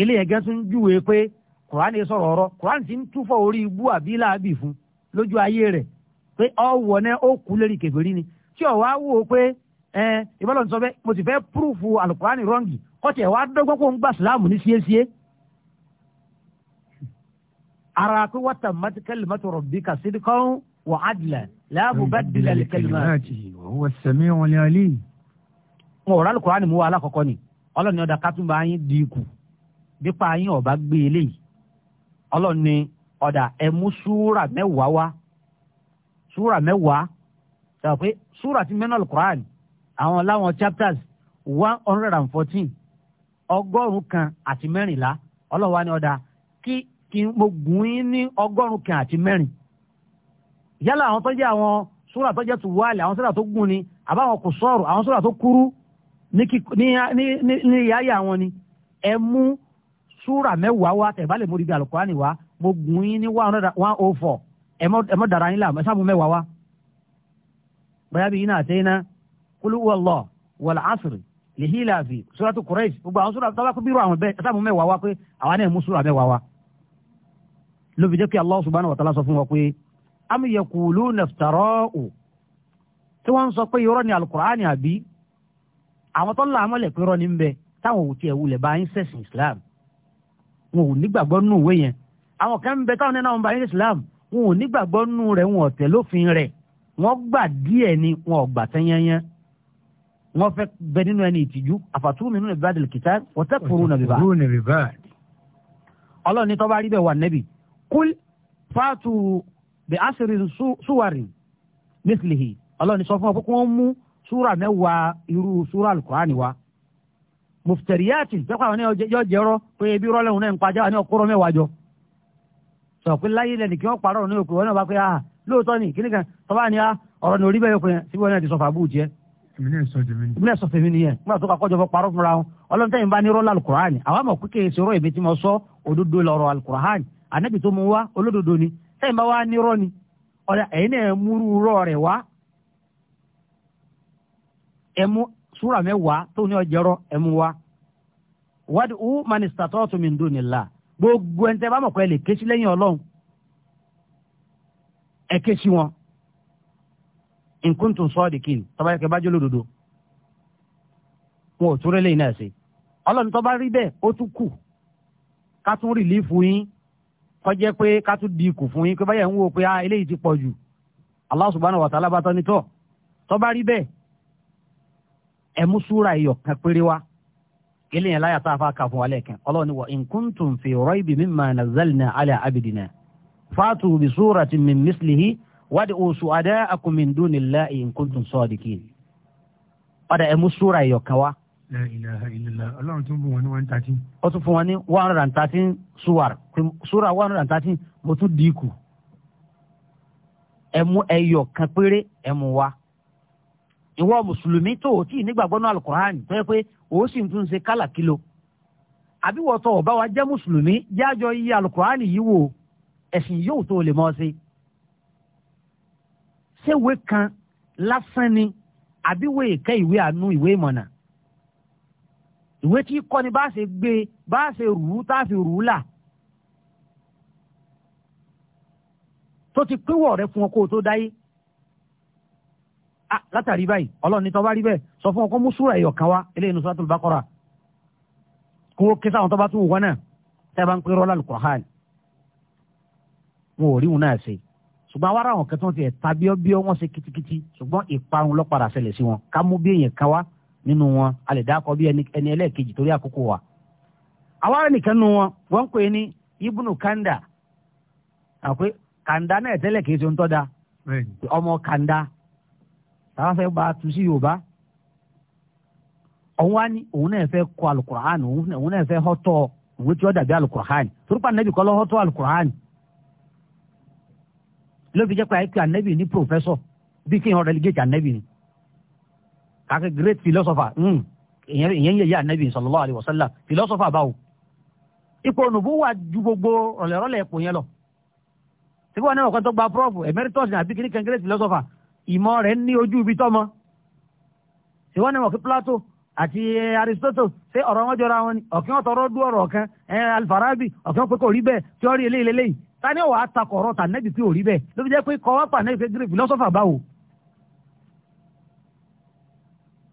[SPEAKER 1] ilé yẹn gẹ́ tún júwe pé kùránì sọ̀rọ̀ ọ̀rọ̀ kùránì ti ń túfọ̀ orí ibú àbí láàbì fún lójú ayé rẹ̀ pé ọ̀wọ̀ náà ó kú lérí kèfèrí ni tí ọ̀ wá wò ó pé ẹ ìbálòǹsọ bẹ́ẹ̀ mo sì fẹ́ púrùfù àlùkùránì rọ́ǹgì kọ́tì ẹ̀ wá dọ́gbọ́n kó ń gbà síláàmù ní síéṣíé ara pé wọ́n tà mọ́tò kẹ́lìmọ́ tó rọ̀ bí ka sídi kan wọ́n á dilẹ̀ láàbù bá dilẹ̀ kẹ́lìmọ́.
[SPEAKER 3] wọ́n sẹ̀mí wọn ni alẹ́.
[SPEAKER 1] n ò rálù kúránì mú wa alákọ̀ọ́kọ́ ni ọlọ́ni ọ̀dà kátùmbà yín di ikù yín ọ̀bá gbé e léyìí ọlọ́ni ọ̀dà ẹ̀mú súrà mẹ́wàá wá súrà mẹ́wàá sọ pé súrà ti mẹ́nà kúránì àwọn láwọn chapters one hundred and fourteen ọgọ́rùn-ún kan àti mẹ́rìnlá ọlọ́wà ni ọ̀dà kí kí mo gùn yín ní ọgọ́rùn-ún kan àti mẹ́rin yálà àwọn tó jẹ́ àwọn súrà tó jẹ́ tùwálì àwọn súrà tó gùn ni àbáwọn kò sọ̀rọ̀ àwọn súrà tó kúrú ní yáyà wọn ni ẹ mú súrà mẹ́wàá wá tẹ̀ bá lè mú ibi àlùkùránì wá mo gùn yín ní one oh four ẹ mọ́ dara yín láàmú ẹ sábà mẹ́wàá wá. bóyá bí yín náà àtẹ́yìn náà kúlú wọlọ wọlọ àṣírí lèhílàfì súrà tó kúrẹ́ẹ̀sì gbogbo àwọn súrà tó bá kú bí irú àwọn bẹ́ẹ̀ ẹ sábà mẹ́wàá wá pé àwa náà mú súrà mẹ́wàá wá ló fi jẹ́ kí Allah subhanahu wa ta'ala sọ fún wa pé am yaquluna iftara'u tí wọ́n ń sọ pé irọ́ ni alukur'ani àbí àwọn tó ń la àmọ́lẹ̀ pé irọ́ ni ń bẹ táwọn ò tiẹ̀ wulẹ̀ bá yín sẹ̀sìn Islam wọn ò nígbàgbọ́ nínú ìwé yẹn àwọn kan ń bẹ táwọn náà ń bá yín Islam wọn ò nígbàgbọ́ nínú rẹ̀ wọn ò lófin rẹ̀ wọ́n gbà díẹ̀ ni wọn ò tẹ́yẹ́yẹ́ wọ́n fẹ́ kúl fàtù bí àṣírí súwárì mithlihi ọlọ́ni sọ fún ọ pé kí wọ́n mú súrà mẹ́wàá irú súrà alukurani wa muftariyati pẹ́kọ̀ àwọn yóò jẹ́rọ pé ebi rọ́lẹ̀ òun náà ń pàjá ní ọkọ́rọ́ mẹ́wàá jọ sọ pé láyé lẹ́nu kí wọ́n parọ́ ní òkú wọn náà bá pé ah lóòótọ́ ni kí nìkan tọ́ba ni ah ọ̀rọ̀ ní orí bẹ́ẹ̀ yọkùnrin síbi wọn náà ti sọ fàbú jẹ́.
[SPEAKER 2] ìmúlẹ̀
[SPEAKER 1] sọ fèmí nìyẹn nígbà tó kakọ́jọ fọ́ parọ́ fúnra wọn ọlọ́run bá ní rọ́lẹ̀ alukurani àwọn àmọ̀ pé kéèsì rọ́ èmi tí sọ òdodo lọ́rọ̀ alukurani ànábì tó mú wá olódodo ni sẹ́yìn bá wá nírọ́ ni ọ̀dà ẹ̀yin náà múrú rọ́ rẹ̀ wá ẹ mú súrà mẹ́wàá tó ní ọjọ́rọ́ ẹ mú wá wádìí ó manistatọ́ tó mi ń dùn nílà gbogbo ẹni tẹ́ bá mọ̀ pé ẹ lè ké sí lẹ́yìn ọlọ́run ẹ ké sí wọn nkuntun sọ́ọ̀dì kìí tọ́ba yẹ kẹ́ bá jóló dodo wọn ò túrẹ́lẹ̀ iná ẹ̀ sí ọlọ́run tọ́ba rí bẹ́ẹ̀ ó tún kù ká tún rìlífù yín kọjẹ́ pé ká tún di ikù fún yín pé báyẹ̀ ń wo pé ah eléyìí ti pọ̀ jù Allah subhanahu wa ta'ala bá tọ́ ni tọ́ tọ́ bá rí bẹ́ẹ̀ ẹ mú súra ẹ̀yọ̀ kan péré wá kílẹ̀ yẹn láyà tá a fa kà fún wa lẹ́ẹ̀kan ọlọ́run ni wa in kuntum fi raybi mimma nazzalna ala abidina fatu bi suratin min mislihi wad'u su'ada'akum min dunillahi in kuntum sadiqin. ọ̀dà ẹ mú súra ẹ̀yọ̀ kan wá
[SPEAKER 3] ọlọ́run tún bù wọn
[SPEAKER 1] fún wọn ní one hundred and thirteen suwar sura one hundred and thirteen mo tún dín kù ẹ mú ẹyọ kan péré ẹ mú wá ìwọ mùsùlùmí tó o tí nígbàgbọ́ náà alukóhánì tó yẹ pé o sì ń tún ṣe kálà kìlọ̀ àbí wọ́n tọ̀ ọ̀bá wa jẹ́ mùsùlùmí jájọ iye alukóhánì yìí wò ẹ̀sìn yóò tó lè mọ́ sí. ṣéwé kan lásán ni àbí wéè ìwé àánú ìwé ìmọ̀nà ìwé tí kọ́ ni bá ṣe gbé bá ṣe rù ú tá a fi rù ú là tó ti pínwọ̀ rẹ fún ọ kó o tó dáyé ah látàrí báyìí ọlọ́run ní tọ́ba rí bẹ́ẹ̀ sọ fún ọ kó mú súra ẹ̀yọ̀ kan wá eléyìí ní suratul baqara kó o kí sáwọn tọ́ba tún wù wọ́n náà tẹ́ ẹ bá ń pè rọ́lá al-Qur'an wọn ò rí wọn náà ṣe ṣùgbọ́n awárà àwọn kẹtàn tiẹ̀ tàbí ọbí wọn ṣe kitikiti ṣùgbọ́n ìparun ló ṣẹlẹ̀ sí wọn ká mú bí èèyàn kan wá nínú wọn a lè dákọ bí ẹni ẹlẹ́ẹ̀kejì torí àkókò wa àwa rẹ̀ nìkan nínú wọn wọ́n ń pè ní ibùnú kanda àpé kanda náà tẹ́lẹ̀ kìí ṣe ń tọ́da ọmọ kanda táwa fẹ́ bá a tu sí yorùbá òun wá ní òun náà fẹ́ kọ alukurahan òun náà fẹ́ họ́tọ̀ òun tí ó dàbí alukurahan kọ́ kàkẹ́ great philosopher hmm. ìyẹn yẹ yẹ anabi sallallahu alayhi wa sallam philosopher báwo ipò ònùbó wà ju gbogbo rọ̀lẹ́rọ̀lẹ́ ẹ̀pọ̀ yẹn lọ síbí wọn náà ọ̀kan tó gba prof emeritus ní abikini kan great philosopher ìmọ̀ rẹ̀ ní ojú ibi tọ́mọ síbí wọn náà ọ̀kan Plato àti eh, Aristotle ṣé ọ̀rọ̀ wọn jọra wọn ni ọ̀kan wọn tọrọ dú ọ̀rọ̀ kan eh, Alfarabi ọ̀kan pé kò rí bẹ́ẹ̀ tíọ́rì eléyìí lélẹ́yìí tani ọ̀ wà á takọ̀ ọ̀rọ̀ tànẹ́bì tí ò rí bẹ́ẹ̀ ló fi jẹ́ pé kọ́ wá pàǹdẹ́bì great philosopher báwo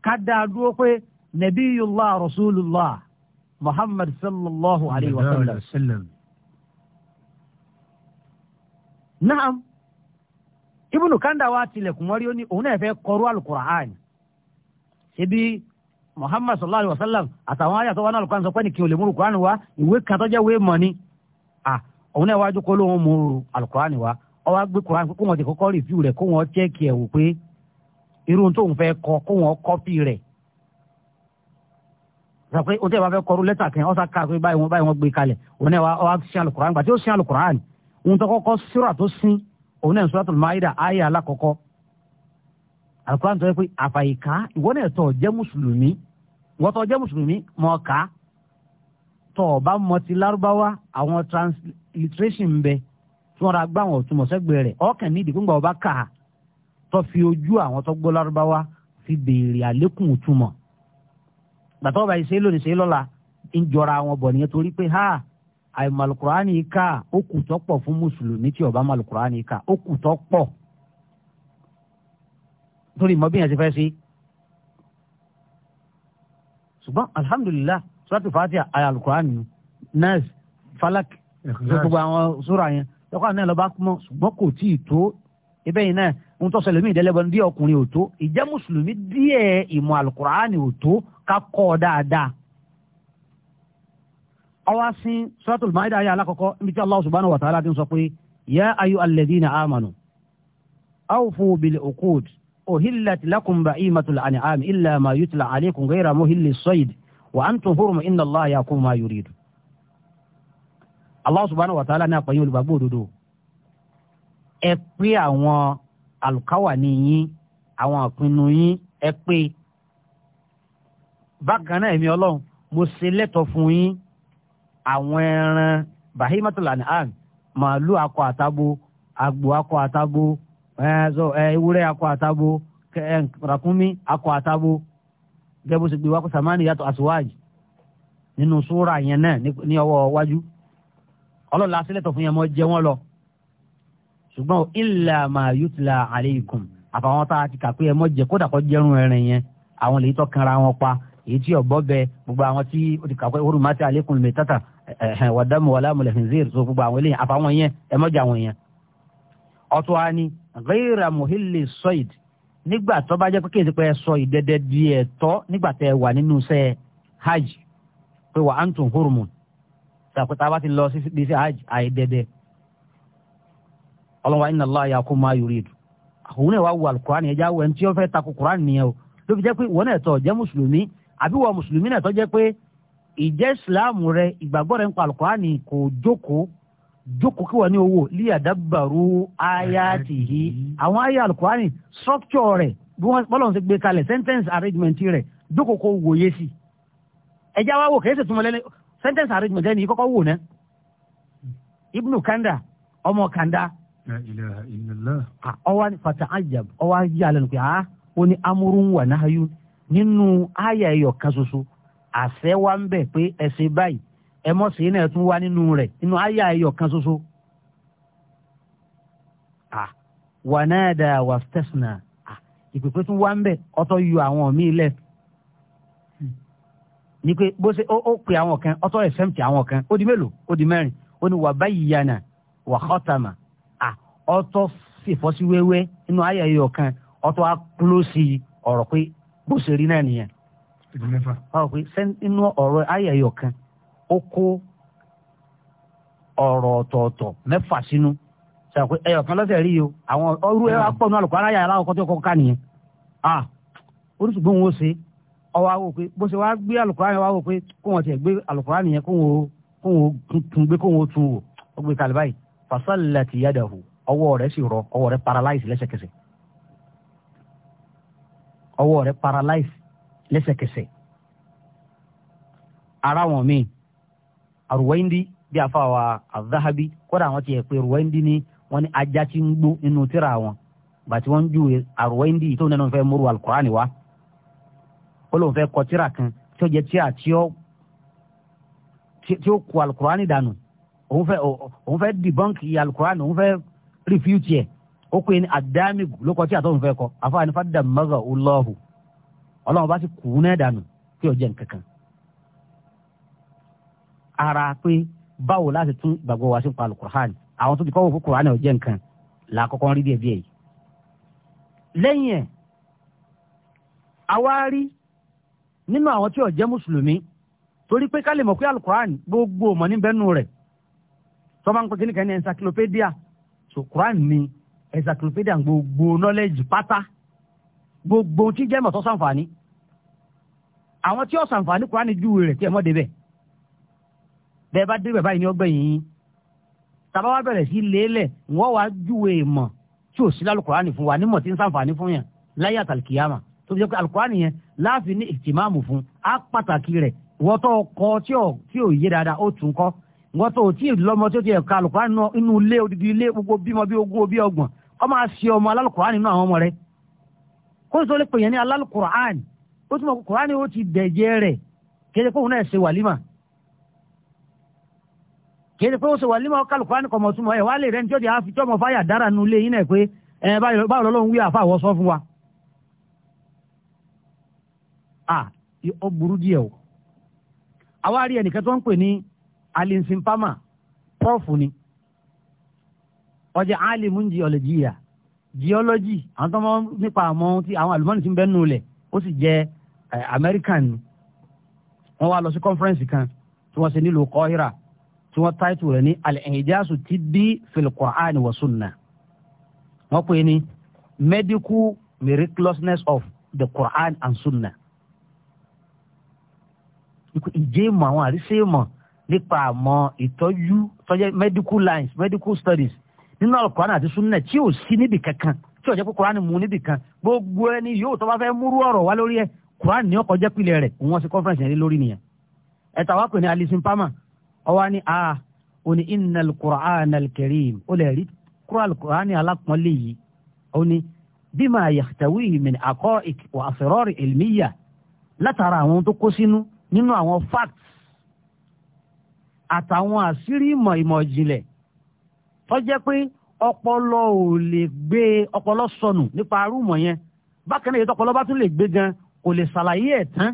[SPEAKER 1] ká dáa dúró pé nabiyullah rasulullah muhammad sallallahu alayhi wa sallam. naam ibùnú kanda wa tilẹ̀kùn wọ́n rí ó ní òun náà fẹ́ kọrú alukur'an ṣebí muhammad sallallahu alayhi wa sallam àtàwọn ayé àtọwọ́n alukur'an sọ pé ní kí n lè mú alukur'an wá ìwé kan jẹ́ ìwé mọ̀ òun náà wájú kó lóun mú alukur'an wá gbé kur'an kó wọ́n ti kọ́kọ́ rìfíù rẹ̀ kó wọ́n chẹ́kì ẹ̀ wò pé irú tó ń fẹ́ kọ kó wọn kọ́pì rẹ̀ sàpé o tẹ́ wàá fẹ́ kọ́rú lẹ́tà kẹ́ ọ́sà ká pé báyìí wọn báyìí wọn gbé kalẹ̀ òun náà wàá wàá sin alukur'an nígbà tí ó sin alukur'an òun tó kọ́kọ́ síra tó sin òun náà suratul maida ayé alákọ̀ọ́kọ́ alukur'an tó yẹ pé àfàyíká ìwọ náà tó jẹ́ mùsùlùmí ìwọ tó jẹ́ mùsùlùmí mọ̀ ká tó bá mọ̀ ti lárúbáwá àwọn transliteration ń bẹ tí wọ́n ra gbá àwọn òtúmọ̀ sẹ́gbẹ̀ẹ́ rẹ̀ ọ̀kàn ní ìdìgbò ọba káà tó fi ojú àwọn tó gbọ́ lárúbáwá fi béèrè àlékún ìtumọ̀ gbàtọ́ bá yìí ṣe lónìí ṣe lọ́la ń jọra wọn bọ̀ nìyẹn torí pé ha àìmọ̀lùkùránì ká ó kù tó pọ̀ fún mùsùlùmí tí ó bá mọ̀lùkùránì ká ó kù tó pọ̀ torí mọ́ bí yẹn ti fẹ́ sí. ṣùgbọ́n alhamdulillah sọ́tù fatiha àyà alukùránì falak gbogbo àwọn sóra yẹn lọ́kọ́ àná ẹ̀ lọ́ba kúmọ̀ ṣùgbọ́n kò tí tó ibẹ̀ yìí náà ń tọ́ sẹlẹ̀mí ìdẹ́lẹ́bọn bí ọkùnrin ò tó ìjẹ́ mùsùlùmí díẹ̀ ìmọ̀ àlùkùránì ò tó ká kọ́ ọ dáadáa. ọwọ́ sí suratul maida ayé alákọ̀ọ́kọ́ níbi tí allah subhanahu wa ta'ala ti ń sọ pé ya ayu alladhina amanu awfu bil uqud uhillat lakum ba'imatul an'am illa ma yutla alaykum ghayra muhillis sayd wa antum hurum inna allah yaqumu ma yuridu. allah subhanahu wa ta'ala ní àpẹyìn olùgbàgbọ́ òdodo ẹ pé àwọn àlùkáwàní yín àwọn ìpinnu yín ẹ pé bákan náà èmi ọlọ́run mo ṣe lẹ́tọ̀ọ́ fún yín àwọn ẹran bahimatul an'am màálù akọ àtàbò àgbò akọ àtàbò ewúrẹ́ akọ àtàbò akọ àtàbò gẹ́gbó sì gbé wákò sàmánì yàtọ̀ àsùwájì nínú súra yẹn náà ní ọwọ́ wájú ọlọ́run la ṣe lẹ́tọ̀ọ́ fún yẹn mọ́ ṣùgbọ́n ilà máa yutla aleikum àfàwọn tá a ti kàpé ẹ mọ́jẹ kódà kọ́ jẹ́rùn ẹ̀rìn yẹn àwọn lè tọ́ kanra wọn pa èyí tí ọ̀bọ bẹ gbogbo àwọn tí ó ti kàpé orun máa ti aleikum lè tata ẹ̀hẹ̀n wàdàmù wàlà mọ̀lẹ́hìnzíìr so gbogbo àwọn eléyìí àfàwọn yẹn ẹ mọ́jẹ àwọn yẹn. ọ̀tọ̀ wa ni ghaira muhilli soid nígbà tó bá jẹ́ pé kéde pé sọ ìdẹ́dẹ́ di ẹ̀tọ́ nígbà tẹ wà nínú iṣẹ́ hajj pé wa antum hurumun tàbí tá a bá ti lọ sí iṣẹ́ hajj àìdẹ́dẹ́ ọlọ́wà iná lọ́wọ́ ya kó máa yòrè dù àwọn náà wà wù alukurani ẹja wẹ̀ ní tí wọ́n fẹ́ takò kurani nìyẹn o ló fi jẹ́ pé wọ́n náà tọ̀ jẹ́ mùsùlùmí àbí wọ́n mùsùlùmí náà tọ́ jẹ́ pé ìjẹ́ ìsìláàmù rẹ ìgbàgbọ́ rẹ ń pa alukurani kò jókòó jókòó kí wọ́n ní owó lí àdábàrú ayatihi àwọn ayé alukurani structure rẹ bí wọ́n bọ́lọ̀ ṣe sentence arrangement rẹ jókòó kó wòye sí ẹja wá sentence arrangement ẹni kọ́kọ́ wò ná ibnu kanda ọmọ kanda ọwọ́ ni fata ajab ọwọ́ yà lẹ́nu pé ah ó ní amúrún wà náhayú nínú àyà ẹ̀yọ̀ kan ṣoṣo àṣẹ wa ń bẹ̀ pé ẹ̀sìn báyìí ẹmọ sí náà tún wá nínú rẹ̀ nínú àyà ẹ̀yọ̀ kan ṣoṣo. wà náà dà wà stẹ́sìnà ìpèpè tún wá ń bẹ̀ ọtọ́ yọ àwọn míì lẹ̀ ni pé bó ṣe ó pè àwọn kan ọtọ́ ẹ̀sẹ̀mtì àwọn kan ó di mélòó ó di mẹ́rin ó ní wà báyìí yànà wà kọ́tàmà ọtọ́ fìfọ́sí wéwé inú ayẹyẹ ọ̀kan ọtọ́ á kúló sí ọ̀rọ̀ pé bó ṣe rí náà nìyẹn. báwo pé inú ọ̀rọ̀ ayẹyẹ ọ̀kan ó kó
[SPEAKER 3] ọ̀rọ̀ ọ̀tọ̀ọ̀tọ̀
[SPEAKER 1] mẹ́fà sínú sàpé ẹyọ kan lọ́sẹ̀ rí o àwọn ọrú ẹ pọ̀ nù àlùkò aráyà aláwọ̀kọ́ tó kọ́ ká nìyẹn ah oríṣi gbóhùn ó ṣe ọwọ́ àwọ̀ pé bó ṣe wá gbé àlùkò aráyà wá wò pé kó wọn tiẹ̀ gbé àlùkò aráyà nìyẹn kó wọn tún gbé kó wọn tún wò ó gbé kalẹ̀ báyìí fasalati yadahu ọwọ́ rẹ̀ sì rọ ọwọ́ rẹ̀ paralyze lẹ́sẹ̀kẹsẹ̀ ọwọ́ rẹ̀ paralyze lẹ́sẹ̀kẹsẹ̀ ara wọn míì àrùwẹ́ndì bí wa àdáhàbí kódà àwọn ti yẹ pé àrùwẹ́ndì ni wọ́n ní ajá ti ń gbó nínú tíra wọn bàtí wọ́n ń ju àrùwẹ́ndì tó nínú fẹ́ múru alukurani wa ó lóun fẹ́ kọ tíra kan tí ó jẹ tíra tí ó tí ó kó alukurani dànù òun fẹ́ òun fẹ́ dìbọ́ǹkì alukurani òun fẹ́ rìfúùtì ẹ̀ ó pè ní àdámìgù ló kọ tí àtọ́hún fẹ́ kọ àfáà ní fàdà mọ́gà ọlọ́hù ọlọ́run bá ti kù ú náà dànù tí nkankan. ara pé báwo láti tún ìgbàgbọ́ wa sí pa alukur'an àwọn tó ti kọ́wọ́ fún kur'an ò jẹ́ nkan làkọ́kọ́ rí díẹ̀ díẹ̀ yìí. lẹ́yìn ẹ̀ àwárí nínú àwọn tí ò jẹ́ mùsùlùmí torí pé ká lè mọ̀ alukur'an gbogbo mọ̀ níbẹ̀ nù rẹ̀ tọ́ bá ń pè kí so Quran ni encyclopedia gbogbo knowledge pata gbogbo tí jẹ́ mọ̀tọ́ sànfàní àwọn tí ó sànfàní Quran ju rẹ̀ tí ẹ mọ́ débẹ̀ bẹ́ẹ̀ bá débẹ̀ báyìí ní ọgbẹ́ yìí tàbá wá bẹ̀rẹ̀ sí lélẹ̀ wọ́n wá júwe ìmọ̀ tí ò sí lálùkùránì fún wa nímọ̀ tí ń sànfàní fún yàn láyé àtàlùkìyàmà tó fi jẹ́ pé àlùkùránì yẹn láàfin ní ìtìmáàmù fún á pàtàkì rẹ̀ wọ́n tó kọ tí ò yé dáadáa ó tún kọ́ wọn tó tí lọmọ tó ti ẹka alukurani nínú ilé odidi ilé gbogbo bímọ bí ogún bí ọgbọ̀n kọ máa ṣe ọmọ alalukurani nínú àwọn ọmọ rẹ kó o sọ lè pè yẹn ní alalukurani ó túmọ̀ ó ti rẹ̀ kéde náà ṣe wàlímà kéde ṣe wàlímà kọ̀mọ̀ ẹ̀ wá lè àfi fáyà dára alinsinpama pọ́ọ̀fù ni ọjà alimu ń geology ya, geology àwọn tó máa nípa àwọn tí àwọn àlùmọ́nì ti ń bẹ́ nù lẹ̀ ó sì jẹ́ American ni wọ́n wá lọ sí conference kan tí wọ́n ṣe nílùú Kọ́hírà tí wọ́n táìtù rẹ̀ ní al-ijazu tibbi fil Qur'an wa sunna wọ́n pè ní medical miraculousness of the Qur'an and sunna ìjẹ́ ìmọ̀ àwọn àrísẹ́ ìmọ̀ nípa àmọ́ ìtọ́jú tọ́jẹ́ medical lines medical studies nínú Al-Qur'an àti sunna tí ò sí níbì kankan tí ò jẹ́ pé Qur'an mú níbì kan gbogbo ẹni yóò tó bá fẹ́ múrú ọ̀rọ̀ wá lórí ẹ̀ Qur'an ní ọkọ̀ jẹ́ pilẹ̀ rẹ̀ òun wọ́n sí conference yẹn lórí nìyẹn ẹ̀ta wá pè ní Alison Palmer ọwá ní a ah, ò ní innal Qur'ana al-Karim ó lè rí Qur'an alápọ̀nlé yìí ó ní bima yahtawihi min haqa'iq wa asrar ilmiyya látara àwọn tó kó sínú nínú àwọn facts àtàwọn àṣírí ìmọ̀ ìmọ̀ ìjìnlẹ̀ tó jẹ́ pé ọpọlọ ò lè gbé ọpọlọ sọnù nípa arúmọ̀ yẹn bákan náà ìtọ́pọlọ bá tún lè gbé gan kò lè ṣàlàyé ẹ̀ tán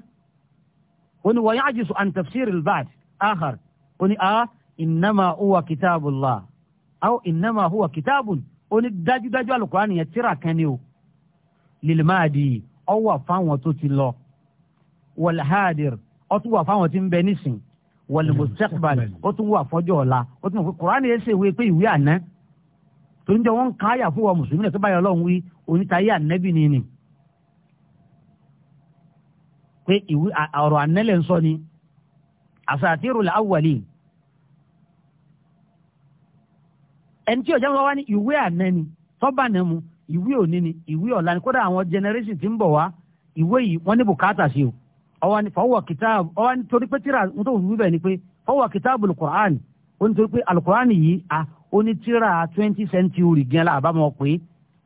[SPEAKER 1] ó ní wọ́n yájú an tafsir al ó ní a innama huwa kitabullah aw innama huwa kitabun ó ní dájúdájú Al-Qur'ani tíra kan ni o lil maadi ó wà fáwọn tó ti lọ wal hadir ó wà fáwọn tí ń bẹ nísìn wal-mustaqbal ó tún wà fọ́jọ́ ọ̀la ó tún mọ̀ pé kùránì yẹn ṣe ìwé pé ìwé àná tó ń jẹ́ wọ́n ń ká àyà fún wa mùsùlùmí náà tó báyọ̀ ọlọ́run wí onítàyé ànẹ́bì ni ni pé ìwé ọ̀rọ̀ ànẹ́lẹ̀ ń sọ ni asatirul awwalin ẹni tí ọ̀já wa ní ìwé àná ni tọ́ba náà mu ìwé òní ni ìwé ọ̀la ni kódà àwọn generation tí ń bọ̀ wá ìwé yìí wọ́n ní bùkátà sí o ọwọ́ ni fọwọ́ kìtáàbù ọwọ́ ni torí pé tíra ń tó wù bẹ́ẹ̀ ni pé fọwọ́ kìtáàbù alukur'an ó ní torí pé alukur'an yìí a ó tíra twenty century gan la àbámọ̀ pé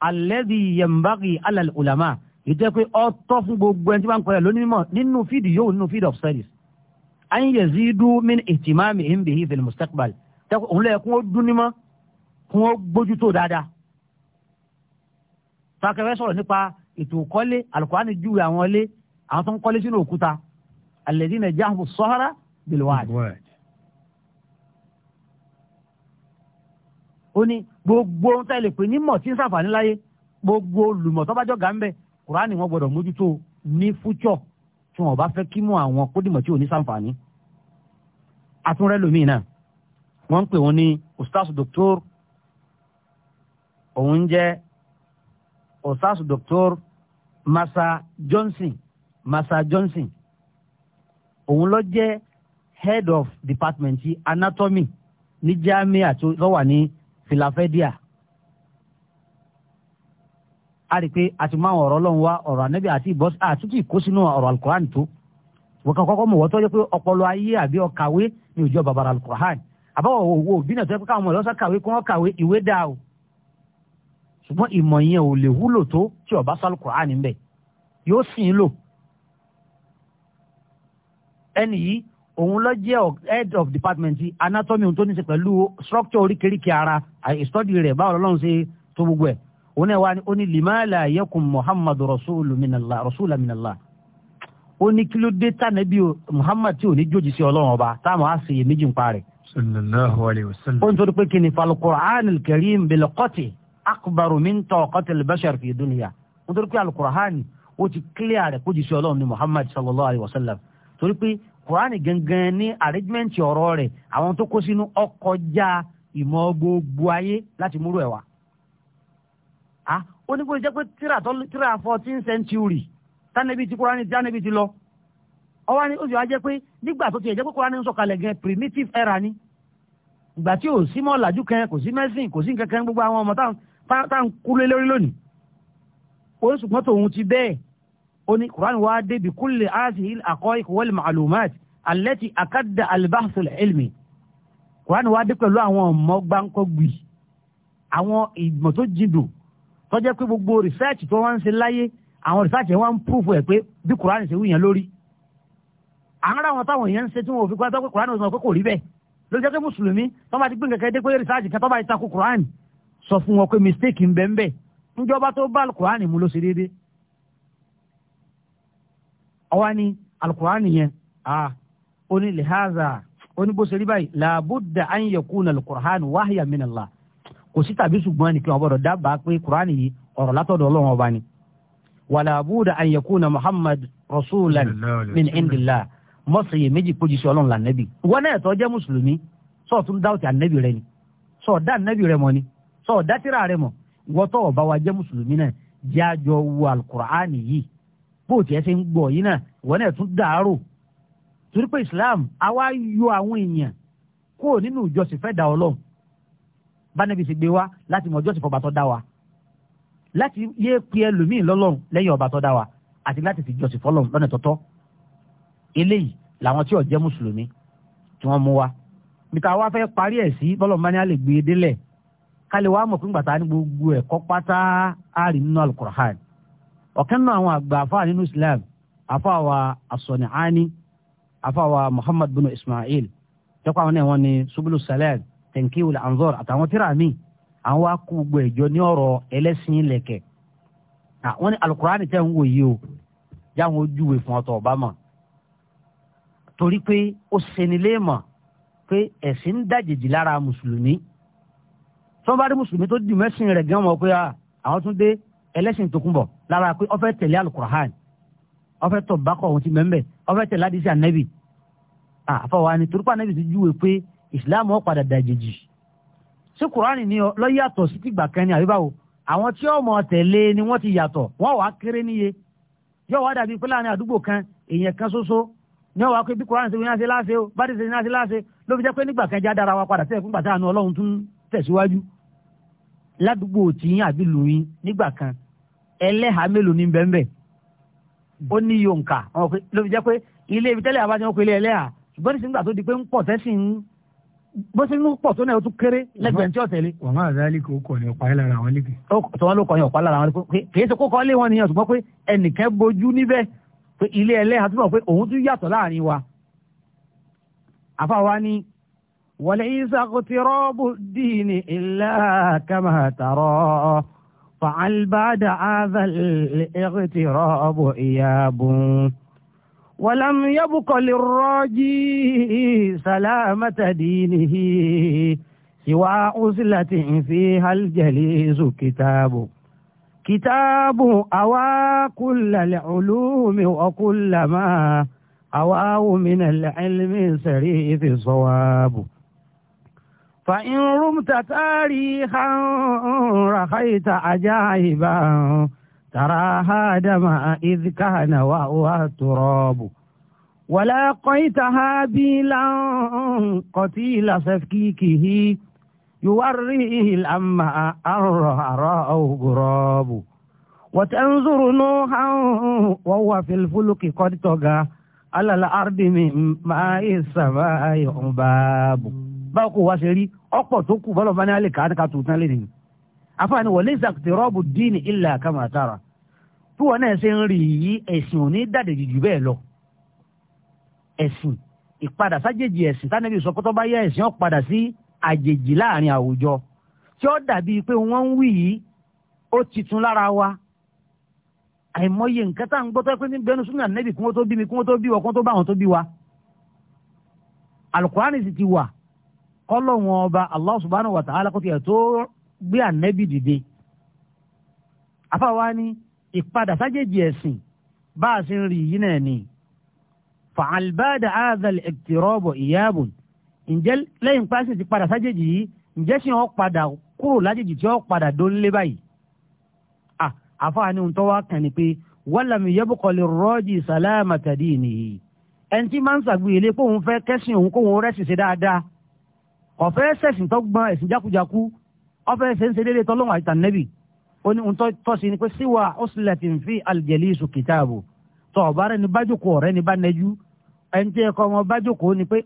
[SPEAKER 1] alẹ́bí yẹnbàgì alal ulama yìí jẹ́ pé ọtọ́ fún gbogbo ẹni tí wọ́n ń pẹ́yà lónìí mọ̀ nínú fídì yóò nínú fídì of service an yazidu min ihtimami him bihi fil mustaqbal tẹ́kọ̀ òun lẹ́yìn kún ó dún ní mọ́ kún ó gbójú àwọn tó ń kọ́lé sínú òkúta alladhina jahbu sahara bilwad. ó ní gbogbo ohun tá ẹ lè pè ní mọ̀ tí ń sàǹfààní láyé gbogbo olùmọ̀ tó bá jọ gà ń bẹ kùránì wọn gbọdọ̀ mójútó ní fújọ́ tí wọn bá fẹ́ kí mú àwọn kódìmọ̀ tí ò ní sàǹfààní. àtúnrẹ́ lómìn náà wọ́n ń pè wọ́n ní ustaz doctor òun jẹ́ ustaz doctor masa johnson massa johnson òun ló jẹ́ head of department anatomy ní jamia tó lọ́wà ní philadelphia a rí i pé àti máa ọ̀rọ̀ ọlọ́run wá ọ̀rọ̀ ànábì àti ìbọ́sí àtúntì kó sínú ọ̀rọ̀ alukoran tó wọ́n kàn kọ́kọ́ mọ̀ wọ́n tó yẹ pé ọpọlọ ayé àbí ọkàwé ní òjò bàbàrà alukoran àbáwọ̀ owó òbí náà tó yẹ pé káwọn ọmọ ìlọ́sà kàwé kí wọ́n kàwé ìwé dà o ṣùgbọ́n ìmọ̀ yẹn ò lè wúlò tó tí ọba sọ alukoran ń yóò sì ń lò ẹni yìí òun ló jẹ́ head of department anatomy ohun tó ní ṣe pẹ̀lú structure oríkèéríkè ara study rẹ̀ báwo lọ́lọ́run ṣe tó gbogbo ẹ̀ òun náà wá ní ó ní limala yẹkùn muhammad rasulullah minallah rasulullah minallah ó ní kí ló dé tànàbí muhammad tí ò ní jòjì sí ọlọ́run ọba táwọn á ṣe èméjì ń parẹ́.
[SPEAKER 3] sallallahu alayhi wa
[SPEAKER 1] sallam. ó ń torí pé kí ni falqur'an alkarim bilqati akbaru min taqati albashar fi dunya ó ń torí pé alqur'an ó ti clear rẹ̀ kó jì sí ọlọ́run ní muhammad sallallahu alayhi wa sallam torí pé kùránì gangan ní àrẹ́jìmẹ́ǹtì ọ̀rọ̀ rẹ̀ àwọn tó kó sínú ọkọjá ìmọ̀ gbogbo ayé láti múrò ẹ̀ wá. a ó ní kó jẹ́ pé tíra tó tíra fourteen century tánẹ́bí ti kùránì tánẹ́bí ti lọ. ọwọ́ ni ó sì wá jẹ́ pé nígbà tó tiẹ̀ jẹ́ pé kùránì ń sọ̀kalẹ̀ gan primitive era ni. ìgbà tí ò sí mọ́ làjú kan kò sí mẹ́sìn kò sí kankan gbogbo àwọn ọmọ táwọn táwọn kú lé lórí lónìí. oṣù ó ní quran wá débi kúlẹ̀ azihi akọ́ik wal ma'lumat alẹ́tì akadda albahasul ilmi quran wá dé pẹ̀lú àwọn ọmọ gbáǹkọ́gbì àwọn ìgbìmọ̀ tó jìndò tó jẹ́ pé gbogbo research tó wọ́n ń ṣe láyé àwọn research yẹn wọ́n ń proof ẹ̀ pé bí quran ṣe wù yẹn lórí àwọn àwọn táwọn yẹn ń ṣe tí wọn ò fi gbàgbọ́ pé quran ò sọ tó bá research kẹtọ́ bá ti takò quran sọ fún wọn pé mistake ń ọwọ́ ni alukur'ani yẹn ah ó ní lihaza ó ní bó ṣe rí báyìí làbúdà an yakuna alukur'ani wáhìyà min Allah kò sí tàbí ṣùgbọ́n nìkan ọbọ̀dọ̀ dábàá pé kur'ani yìí ọ̀rọ̀ látọ̀dọ̀ ọlọ́run ọba ni wàlàbúdà an yakuna muhammad rasulan min indillah mọ́sàyè méjì kójú sí ọlọ́run lànàbì wọn náà tó jẹ́ mùsùlùmí sọ̀tún dáwọ̀tì ànàbì rẹ ni sọ̀dá ànàbì rẹ mọ́ ni sọ̀dá tíra rẹ mọ́ ìwọ́tọ̀ ọ̀bá wa jẹ́ mùsùlùmí náà jájọ wo alukur'ani yìí bó tiẹ̀ ṣe ń gbọ̀ yìí náà ìwọ náà tún dàárò torí pé islam àwa yọ àwọn èèyàn kúrò nínú ìjọsìn fẹ́ da ọlọ́run bánẹ́bí sì gbé wa láti mọ ìjọsìn fọba tó dá wa láti yé pe ẹlòmíín lọ́lọ́run lẹ́yìn ọba tó dá wa àti láti fi ìjọsìn fọlọ́run lọ́nà tọ́tọ́ eléyìí làwọn tí ò jẹ́ mùsùlùmí tí wọ́n mú wa mìtà wa fẹ́ parí ẹ̀ sí bọ́lọ̀mọ́ni á lè gbé e délẹ̀ kálí wa mọ̀ pé ńgbà tá ní gbogbo ẹ̀kọ́ pátá á nínú alukur'an ọ̀kan náà àwọn àgbà àfáà nínú islam àfáà wa asọ̀nìáni àfáà wa muhammad bin ismail tọ́kọ̀ àwọn náà wọ́n ní subulu salad tankiwul anzor àtàwọn tíra mi àwọn akú gbogbo ìjọ ní ọ̀rọ̀ ẹlẹ́sìn ilẹ̀kẹ̀ wọ́n ní alukurani tẹ́ ń wò yìí o jáwọn ojúwe fún ọtọ̀ ọba mọ̀ torí pé ó seniléèmọ̀ pé ẹ̀sìn dàjèjì lára mùsùlùmí tọ́ba rí mùsùlùmí tó dì mẹ́sìn rẹ̀ gan mọ̀ pé àwọn tún dé ẹlẹ́sìn tó kún bọ̀ lára pé ó fẹ́ tẹ̀lé alukurahan ó fẹ́ tọ̀ bákọ̀ ohun ti mẹ́mbẹ́ ó fẹ́ tẹ̀lé adisi anabi àfọwọ́ ni torípa anabi ti júwe pé ìsìláàmù ó padà dàjèjì ṣé kurani ni lọ yàtọ̀ sí tìgbà kan ni àbí báwo àwọn tí ó mọ̀ tẹ̀lé ni wọ́n ti yàtọ̀ wọ́n wàá kéré níye yóò wá dàbí pé láàrin àdúgbò kan èèyàn kan ṣoṣo ní ọwọ́ akpé bí kuran ṣe wí náṣe láṣe o bá ti ṣe náṣe láṣe ló fi jẹ́ pé nígbà kan já dára wa padà sẹ́yìn fúngbà tí àánú ọlọ́run tún tẹ̀síwájú ládùúgbò tìyín àbí lùyín nígbà kan ẹlẹ́hàá mélòó ní bẹ́ẹ̀ ó ní yonka ló fi jẹ́ pé ilé ibi tẹ́lẹ̀ àbájá ó pe ilé ẹlẹ́hàá ṣùgbọ́n nísìnyí gbà tó di pé ń pọ̀ tẹ́sí ń bó ṣe ń pọ̀ tó náà ó tún kéré lẹ́gbẹ̀ẹ́ tí ó tẹ̀lé. wàhálà àdáyálì kò kọ̀ ní ọ̀pá lára àwọn lẹ́gbẹ̀ẹ́. tó wọn ló kọ̀ ní ọ̀pá lára àwọn lẹ́gbẹ̀ẹ́ kì í ṣe kókọ́ lé wọn nìyẹn ṣùgbọ́n pé ẹnìkan bojú níbẹ̀ pé ilé ẹlẹ́hàá túbọ̀ pé òun tún yàtọ̀ láàrin wa. àfàwa ni wọlé isa rọ́ọ̀bù dín ní ilá فعل بعد هذا الاغتراب إياب ولم يبق للراجي سلامة دينه سوى عزلة فيها الجليز كتاب كتاب أوى كل العلوم وكل ما أواه من العلم سريف صواب فإن رمت تاريخا رخيت عجائبا تراها دما إذ كان وهو تراب ولاقيتها بيلا قتيل سفكيكه يوريه الأمع أرأه غراب وتنظر نوحا وهو في الفلك قد طغى على الأرض من ماء السماء عباب báwo kò wá ṣe rí ọ̀pọ̀ tó kù bọ́lọ̀ bá ní alẹ́ kàá ká tuntun lé nìyí àfààní wọlé ìsàkùtì rọ́ọ̀bù díìnì ilà kama tara tí wọn náà ṣe ń rí yí ẹ̀sìn òní dàdèjì jù bẹ́ẹ̀ lọ ẹ̀sìn ìpadà sájèjì ẹ̀sìn tánàbí sọ kótó bá yá ẹ̀sìn ó sí àjèjì láàrin àwùjọ tí ó dàbí pé wọ́n ń wí yìí ó ti tún lára wa àìmọye nǹkan tá à kọ́lọ́hún ọba Allah subhanahu wa ta'ala kó tiẹ̀ tó gbé ànẹ́bì dìde afáwa ni ìpadà sájèjì ẹ̀sìn bá a sì ń rí yìí náà ni fàálbàdà àádọ́lì ẹ̀tìrọ́bọ̀ ìyáàbùn ǹjẹ́ lẹ́yìn pàṣẹ ti padà sájèjì yìí ǹjẹ́ sì ń padà kúrò lájèjì tí ó padà dónlé báyìí àfáà ní ohun tó wá kàn ní pé wàlámì yẹ́bùkọ̀lì rọ́ọ̀jì sàlámà tàdí nìyí ẹni tí máa ń sàgbéyẹlé kóun fẹ́ kẹ́sìn òun kóun rẹ́sì sí dáadáa ọ̀fẹ́ sẹ̀sìn tó gbọ́n ẹ̀sìn jákujáku ọ̀fẹ́ ṣe ń ṣe déédéé tọ́lọ́wọ́ àti tànẹ́bì ó ní ohun tó ṣe ni pé síwá ó sì lẹ̀ tì ń fi àlìjẹ̀lì ìṣù kìtààbò tó ọ̀bá rẹ̀ ní bájòkó ọ̀rẹ́ ní bá nẹjú ẹni tí ẹ̀kọ́ ọmọ bájòkó ni pé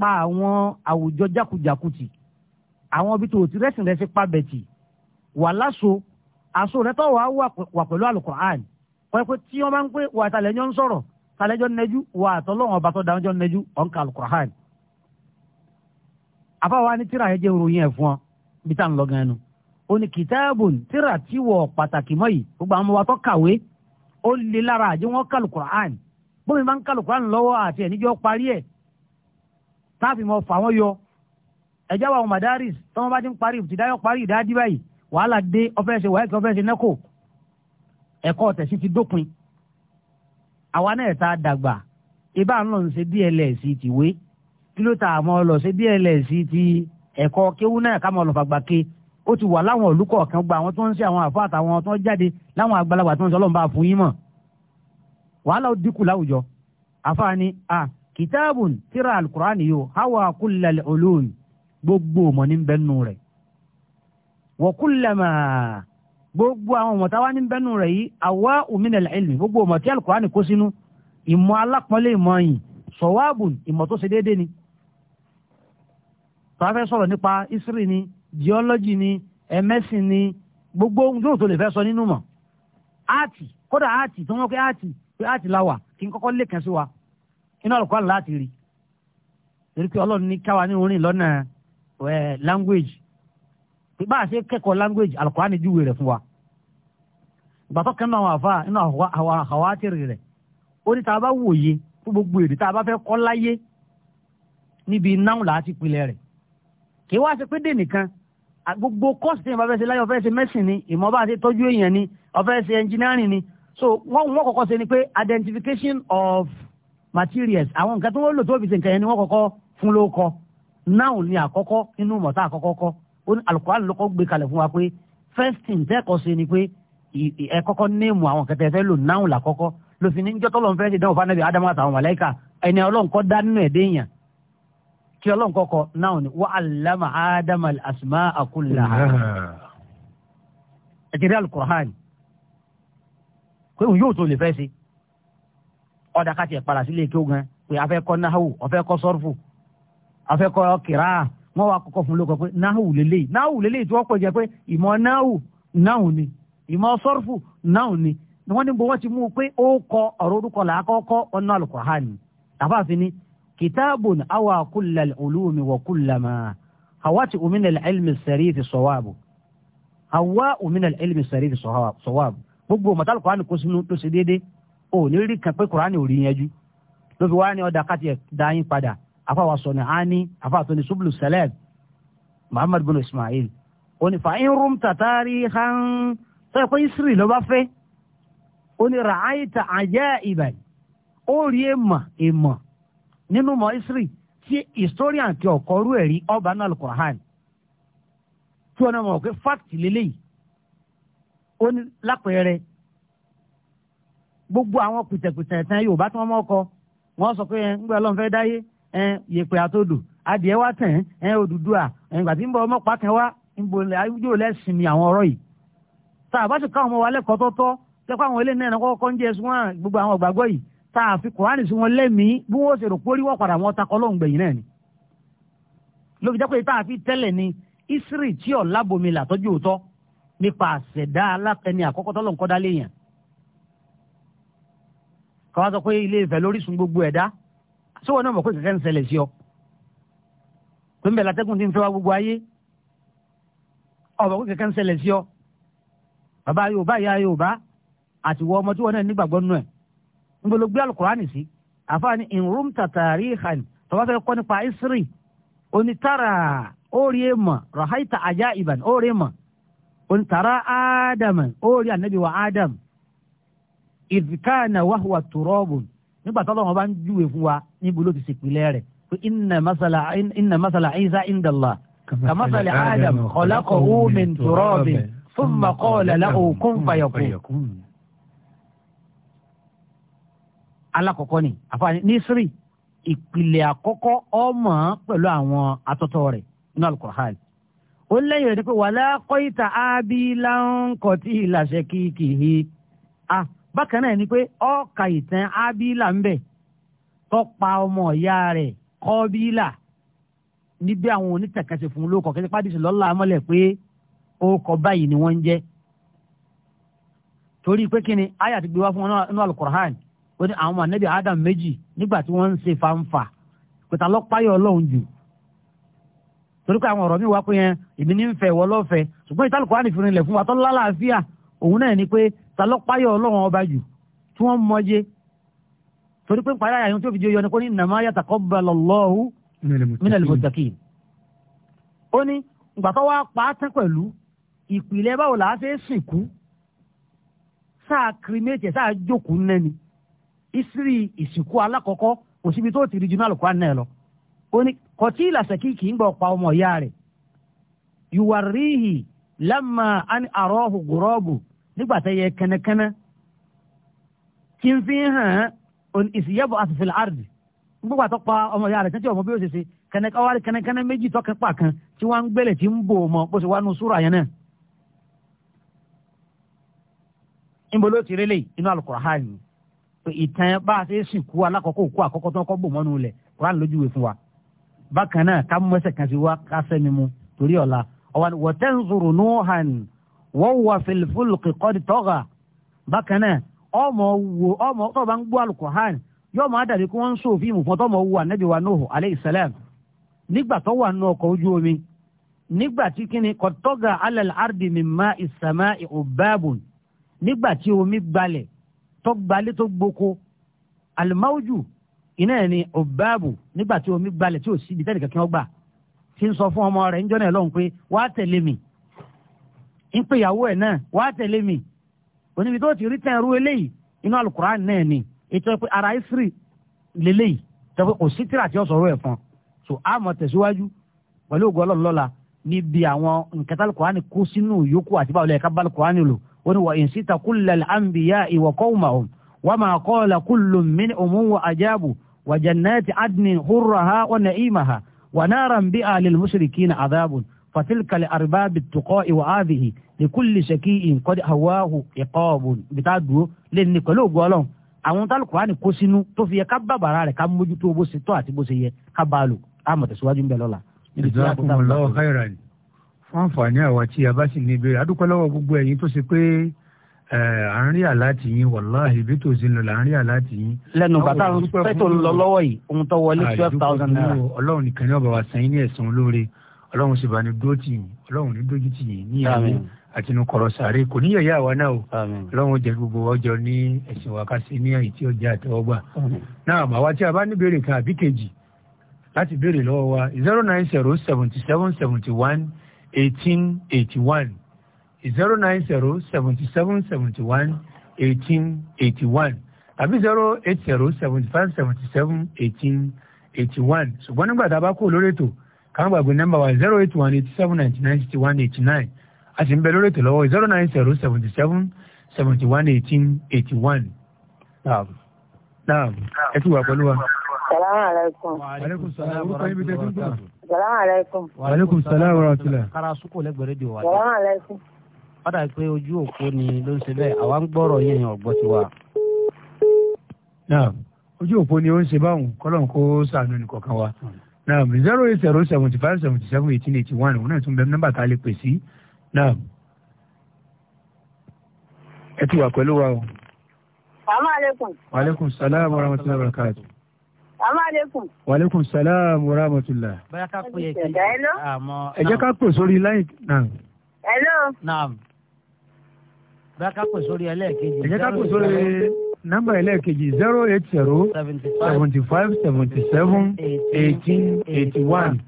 [SPEAKER 1] pa àwọn àwùjọ jákujáku tì àwọn ibi tó ti rẹ́sìn rẹ̀ sí pàbẹ̀ tì wà láṣọ aṣọ rẹ̀ tó wà pẹ̀lú alukur'an wọ́n pé tí wọ́n bá ń pé wà tàlẹ́jọ́ ń sọ̀rọ̀ tàlẹ́jọ́ nẹjú wà tọ́lọ́wọ́n ọba tó dáwọ́jọ́ nẹjú ọ̀nkà àbáwa ní tíra ẹjẹ ròyìn ẹ fún ọ bí tá à ń lọ ganan o ní kìtàbùn tíra tí wọ pàtàkì mọ́ yìí gbogbo àwọn ọmọ wa tó kàwé ó lè lára àjẹ wọn kàlù Qur'an bómi máa ń kàlù Qur'an lọ́wọ́ àti ẹ̀níjọ́ parí ẹ̀ táàfin mọ́ fà wọ́n yọ ẹ̀já wa madaris tọ́wọ́n bá ti ń parí ìtìdáyọ̀ parí ìdádí báyìí wàhálà dé ọfẹ́ ṣe wáyé kí ọfẹ́ ṣe nẹ́kò ẹ̀kọ́ tẹ̀sí ti dópin àwa náà ta dàgbà ibà ń lọ ń ṣe dls tìwé kí ló ta àmọ́ lọ sí bls ti ẹ̀kọ́ kéwú náà ká mọ̀ lọ́fàgbà ke ó ti wà láwọn ìlú kọ̀ọ̀kan gba àwọn tó ń ṣe àwọn àfọ àtàwọn tó ń jáde láwọn àgbàlagbà tó ń sọ ọlọ́run bá fún yín mọ̀ wàhálà ó dínkù láwùjọ àfààní a kìtáàbùn tíra alukurani yóò hawa kúlẹ̀ olóòlù gbogbo ọmọ ní bẹ́ẹ̀ rẹ̀ wọ́n kúlẹ̀ máa gbogbo àwọn ọmọ táwa ní bẹ́nu rẹ̀ yìí àwa òmìnira ilmi gbogbo ọmọ tí alukurani kó sínú ìmọ̀ alápọ̀nlé ìmọ̀ yìí sọ̀wáàbùn ìmọ̀ tó ṣe déédéé ni tọ́wọ́ fẹ́ sọ̀rọ̀ nípa history ni geology ni ẹ̀mẹ́sì ni gbogbo ohun yóò tó lè fẹ́ sọ nínú mọ̀ áàtì kódà áàtì tó wọ́n pé áàtì pé áàtì la wà kí n kọ́kọ́ lè kàn sí wa iná ọ̀rọ̀ kọ́ láti rí torí pé ọlọ́run ní káwa ní orin lọ́nà language pé bá a ṣe kẹ́kọ̀ọ́ language Al-Qur'ani júwe rẹ̀ fún wa ìgbà tó kẹ́nu àwọn àfa nínú àwọn àwátìrì rẹ̀ ó ní tá a bá wòye fún gbogbo èdè tá a bá fẹ́ kọ́ láyé níbi náà láti pilẹ̀ rẹ̀ kì í wá ṣe pé dè nìkan gbogbo kọ́ọ̀sì téèyàn bá fẹ́ ṣe láyé ọ̀fẹ́ ṣe mẹ́sìn ni ìmọ̀ bá ṣe tọ́jú èèyàn ni ọ̀fẹ́ ṣe ẹnjìnírìn ni so wọ́n wọ́n kọ́kọ́ ṣe ni pé identification of materials àwọn nǹkan tí wọ́n lò tó fi ṣe nǹkan yẹn ni wọ́n kọ́kọ́ fún ló kọ́ náà ni àkọ́kọ́ nínú mọ̀tá àkọ́kọ́ kọ́ ó ní Al-Qur'an ló kọ́ gbé kalẹ̀ fún wa pé first thing tẹ́ẹ̀kọ́ ṣe ni pé ẹ kọ́kọ́ néèmù àwọn kẹtẹ fẹ́ lò náà làkọ́kọ́ lòfin ní jọ́tọ́ lọ́n fẹ́ ṣe dánwò fún anábì Ádámù àtàwọn màláíkà ẹni Ọlọ́run kọ́ dá nínú ẹ̀dẹ́ èèyàn kí ọlọ́run kọ́kọ́ náà ni wa allama ádámà asmaa kullaha ẹ̀jẹ̀rẹ̀ alukur'an pé òun yóò tó lè fẹ́ sí ọ̀dà káàtì ẹ̀pàdà sílé kí ó gan pé afẹ́ kọ́ náhù ọ̀fẹ́ kọ́ sọ́rfù afẹ́ kọ́ kìrá wọ́n wá kọ́kọ́ fún lóko pé náhù lélẹ́yìí náhù lélẹ́yìí tí wọ́n pè jẹ́ pé ìmọ̀ náhù náhù ni ìmọ̀ sọ́rfù náhù ni wọ́n ní bó wọ́n ti mú pé ó kọ ọ̀rọ̀ orúkọ kitabun awa kullal ulumi wa kullama hawati min al-ilmi as-sarih as-sawab hawa min al-ilmi as-sarih as-sawab gbogbo matal qur'an kò sínú tó ṣe dédé ó ní rí kan pé qur'an ò rí yanjú ló fi wá ní oda kati e da yin padà afa wa soni ani afa to ni sublu salam muhammad bin ismail ó fa in rum tatarihan tó ko isri ló bá fẹ́ ó ra'aita ajaiban ó rí ema ema nínú isri tí historian ti ọ̀kọ́ rú ẹ̀rí ọba náà alukur'an tí wọn mọ̀ pé fact lélẹ́yìí ó ní lápẹẹrẹ gbogbo àwọn pìtẹ̀pìtẹ̀ ẹ̀tàn yorùbá tí wọ́n mọ̀ kọ wọ́n sọ pé ńgbẹ́ ọlọ́run fẹ́ dáyé yèpè àtòdò adìẹ wa tẹ̀ ẹ́ Odùduwà ìgbà tí ń ọmọ ń àwọn yìí tá a bá ti ọmọ wa àwọn ilé náà ń tá a fi kùránì sí wọn lẹ́mìí bí wọ́n ṣe rò pé wọ́n padà wọn takọ́ lóhùn gbẹ̀yìn náà ni ló fi jẹ́ pé tá a fi tẹ́lẹ̀ ni isri tí ọ̀ lábomi làtọ́jú òótọ́ nípa àṣẹ̀dá alátẹni àkọ́kọ́ tọ́lọ̀ nǹkan dálé yẹn káwá sọ pé ilé ìfẹ́ lórísun gbogbo ẹ̀dá ṣé wọn náà mọ̀ pé kẹ̀kẹ́ ń ṣẹlẹ̀ sí ọ pé ń bẹ̀ látẹ́kùn ti ń fẹ́ wá gbogbo ayé ọ̀bọ̀ pé kẹ̀kẹ́ ń ṣẹlẹ̀ sí ọ bàbá Yorùbá ìyá Yorùbá àtiwọ́ ọmọ tí wọn náà nígbàgbọ́ nù ẹ̀ ń bolo gbé alukurani sí àfààní ìrùm tàtàrí ìhàn tọ́wọ́ fẹ́ kọ́ nípa ìsírí onítàrà e óòrì èèmọ̀ rọ̀háìtà ajá ìbàn óòrì èèmọ̀ e onítàrà ádámà óòrì ànábì wa ádámù ìdìkánà wàhùwà tùrọ́ọ̀bù nígbà tọ́lọ́ wọn bá ń júwe fún wa níbo ló ti sèpìlẹ̀ rẹ̀ pé inna masala isa indala ka masala adam khalaqahu min turabin thumma qala lahu kun fayakun. alákọ̀ọ́kọ́ ni àfààní nísírì ìpìlẹ̀ àkọ́kọ́ ọmọ pẹ̀lú àwọn atọ́tọ́ rẹ̀ nínú alukur'an ó lẹ́yìn rẹ̀ ni pé wàlá kọ́ìtà ábí ìlàṣẹ kìkìhì a bákan náà ni pé ọ̀ka ìtàn ábílà ń tó pa ọmọ ìyá rẹ̀ fún kí pàdísì lọ́la amọ́lẹ̀ pé ó kọ báyìí ni wọ́n ń torí pé kí ni fún nínú ó ní àwọn ànábì adam méjì nígbà tí wọ́n ń ṣe fanfa pẹ̀tà lọ́páyọ̀ ọlọ́run jù torí pé àwọn ọ̀rọ̀ mi wá pé yẹn èmi ní ń fẹ́ ìwọ lọ́fẹ́ ṣùgbọ́n ìtàlùkọ́ àní fìrin ilẹ̀ fún wa tó lálàáfíà òun náà ni pé ta lọ́páyọ̀ ọlọ́run ọba jù tí wọ́n mọye torí pé pàdé àyàwó tó fi jẹ́ yọ ni pé ní nàmá yataqabbalullahu minal muttaqin ó ní ìgbà tó wá pa á tán pẹ̀lú ìpìlẹ̀ báwo làá fẹ́ sìnkú sáà kìrìmẹ́tì sáà jókòó nẹ́ni ìsírí ìsìnkú alákọ̀ọ́kọ́ kò síbi tó ti rí jù náà lùkọ́ àná ẹ̀ lọ. ó ní kọtí ìlàsẹ̀kì kì í gbọ́ pa ọmọ ìyá rẹ̀ yuwarihi lamma an arọ́hù gùrọ́ọ̀bù nígbà tẹ́ yẹ kẹ́nẹ́kẹ́nẹ́ kí n fi hàn ìsìyẹ́bù àtìfẹ́lẹ́ àrùdì nígbà tó pa ọmọ ìyá rẹ̀ tẹ́tí ọmọ bí ó ṣe ṣe kẹnẹkẹwárí kẹnẹkẹnẹ méjì tọkẹ pàkan tí wọn ń gbélé tí ń bò mọ bó ṣe wá nu súra yẹn náà. níbo ló ti rélé inú Al-Qur'an ìtàn bá a ṣe sìnkú alákọ̀ọ́kọ́ òkú àkọ́kọ́ tó kọ́ bò mọ́nu lẹ̀ Quran lójú ìwé fún wa bákan náà ká mú ẹsẹ̀ kan sí wa ká sẹ́mi mu torí ọ̀la ọ̀wọ́n wọ̀tẹ́nzuru nuhan wọ́n wà fìlfúlùkì kọ́dí tọ́gà bákan náà ọmọ tó bá ń gbọ́ alukohan yóò máa dàbí kí wọ́n ń sòfin ìmùfọ́n tó wù ànábì wa nóhù aleyhi tó gbalẹ̀ tó gboko alimawuju iná ẹ̀ ni ọ̀báàbù nígbà tí omi gbalẹ̀ tí ò sí ibi tẹ́lẹ̀ kankan gbà ti ń sọ fún ọmọ rẹ̀ níjọ́ náà lọ́hùn pé wàá tẹ̀lé mi ń pè ìyàwó ẹ̀ náà wàá tẹ̀lé mi oníbi tó ti rí tẹ̀ ru eléyìí inú alukuran náà ni ètò ẹ̀ pé ara ìsírí lélẹ́yìí tẹ́ pé kò sí tíra tí ó sọ̀rọ̀ ẹ̀ fún so a mọ̀ tẹ̀síwájú pẹ̀lú ògùn ọlọ́ọ̀lọ́la níbi àwọn nkẹtàlùkọ́ánì kó sínú yòókù àti báwo lẹ́yìn ká bá alukọ́ánì lò wọ́n ní wà in sita kullal anbiya'i wa qawmahum wa ma qala kullun minhum wa ajabu wa jannati adnin hurraha wa na'imaha wa naran bi'a lil mushrikina adhabun fatilka li arbab at-tuqa'i wa hadhihi li kulli shaki'in qad hawahu iqabun bitadu le ni pẹ̀lú ogun Ọlọ́hun tal qur'an kó sínú tó fi yẹ babara rẹ̀ ká mójú tó bó ṣe tọ́ àti bó ṣe yẹ ká
[SPEAKER 3] bá lò a mọ̀ tẹ̀síwájú ń bẹ lọ́la.
[SPEAKER 1] ìjọba kò
[SPEAKER 3] fún àǹfààní àwa tí a bá sì ní ìbéèrè adúpẹ́ lọ́wọ́ gbogbo ẹ̀yin tó ṣe pé à ń rí àláàtì yín wàláhì bí tó ṣe ń lọ là ń rí àláàtì yín. lẹ́nu bàtà pẹtò ń lọ lọ́wọ́
[SPEAKER 1] yìí ohun tó wọlé twelve thousand naira.
[SPEAKER 3] Ọlọ́run nìkan ní ọba wa san yín ní ẹ̀san olóore Ọlọ́run sì bá ní dúró tì yín Ọlọ́run ní dójú tì yín ní ìyàwó àti inú kọ̀rọ̀ sàárè kò ní yẹ̀yẹ́ àwa náà o Ọlọ́run jẹ gbogbo ọjọ́ ní ẹ̀sìn wa ká sí ní èyí tí ó jẹ́ àtẹ́wọ́gbà náà àwa tí a bá ní béèrè kan àbí kejì láti béèrè lọ́wọ́ wa zero nine zero seventy seven seventy one eighteen eighty one zero nine zero seventy seven seventy one eighteen eighty one tàbí zero eight zero seventy five seventy seven eighteen eighty one ṣùgbọ́n nígbà tá a bá kó lórí ètò káwọn gbàgbé nọ́mbà wa zero eight one eighty seven ninety nine sixty one eighty nine a sì ń bẹ lórí ètò lọ́wọ́ zero nine zero seventy seven seventy one eighteen eighty one. naam ẹ ti wà pẹ̀lú wa. salaamaleykum. wa aleykum
[SPEAKER 1] salaam wa rahmatulahi. Salaam alaikum. Wa alaikum wa Kára sukù lẹ́gbẹ̀rẹ́ di wa. Salaam alaikum.
[SPEAKER 3] Fádà pé ojú òpó ni ló ń ṣe bẹ́ẹ̀, àwa ń gbọ́rọ̀ yẹn yẹn ti wa. Náà ojú òpó ni ó ń ṣe báwọn kọ́lọ́n kó sàánú nìkọ̀ọ̀kan wa. Náà zero eight zero seventy five seventy seven eighteen eighty one òun náà tún bẹ tá a lè pè sí. Náà ẹ ti wà pẹ̀lú wa o.
[SPEAKER 1] Salaam alaikum.
[SPEAKER 3] Wa alaikum salaam wa rahmatulah wa barakatuh.
[SPEAKER 1] Amalekun.
[SPEAKER 3] Wàlékún sàlám wa rahmatullah.
[SPEAKER 1] Bóyá ká pè é kí àmọ́. Ẹ jẹ́ ká
[SPEAKER 3] pè sórí láì náà.
[SPEAKER 1] Hello. Naam. Bóyá ká pè sórí ẹlẹ́ẹ̀kejì. Ẹ jẹ́ ká pè sórí
[SPEAKER 3] nọ́mbà ẹlẹ́ẹ̀kejì zero eight zero seventy five seventy seven eighteen eighty one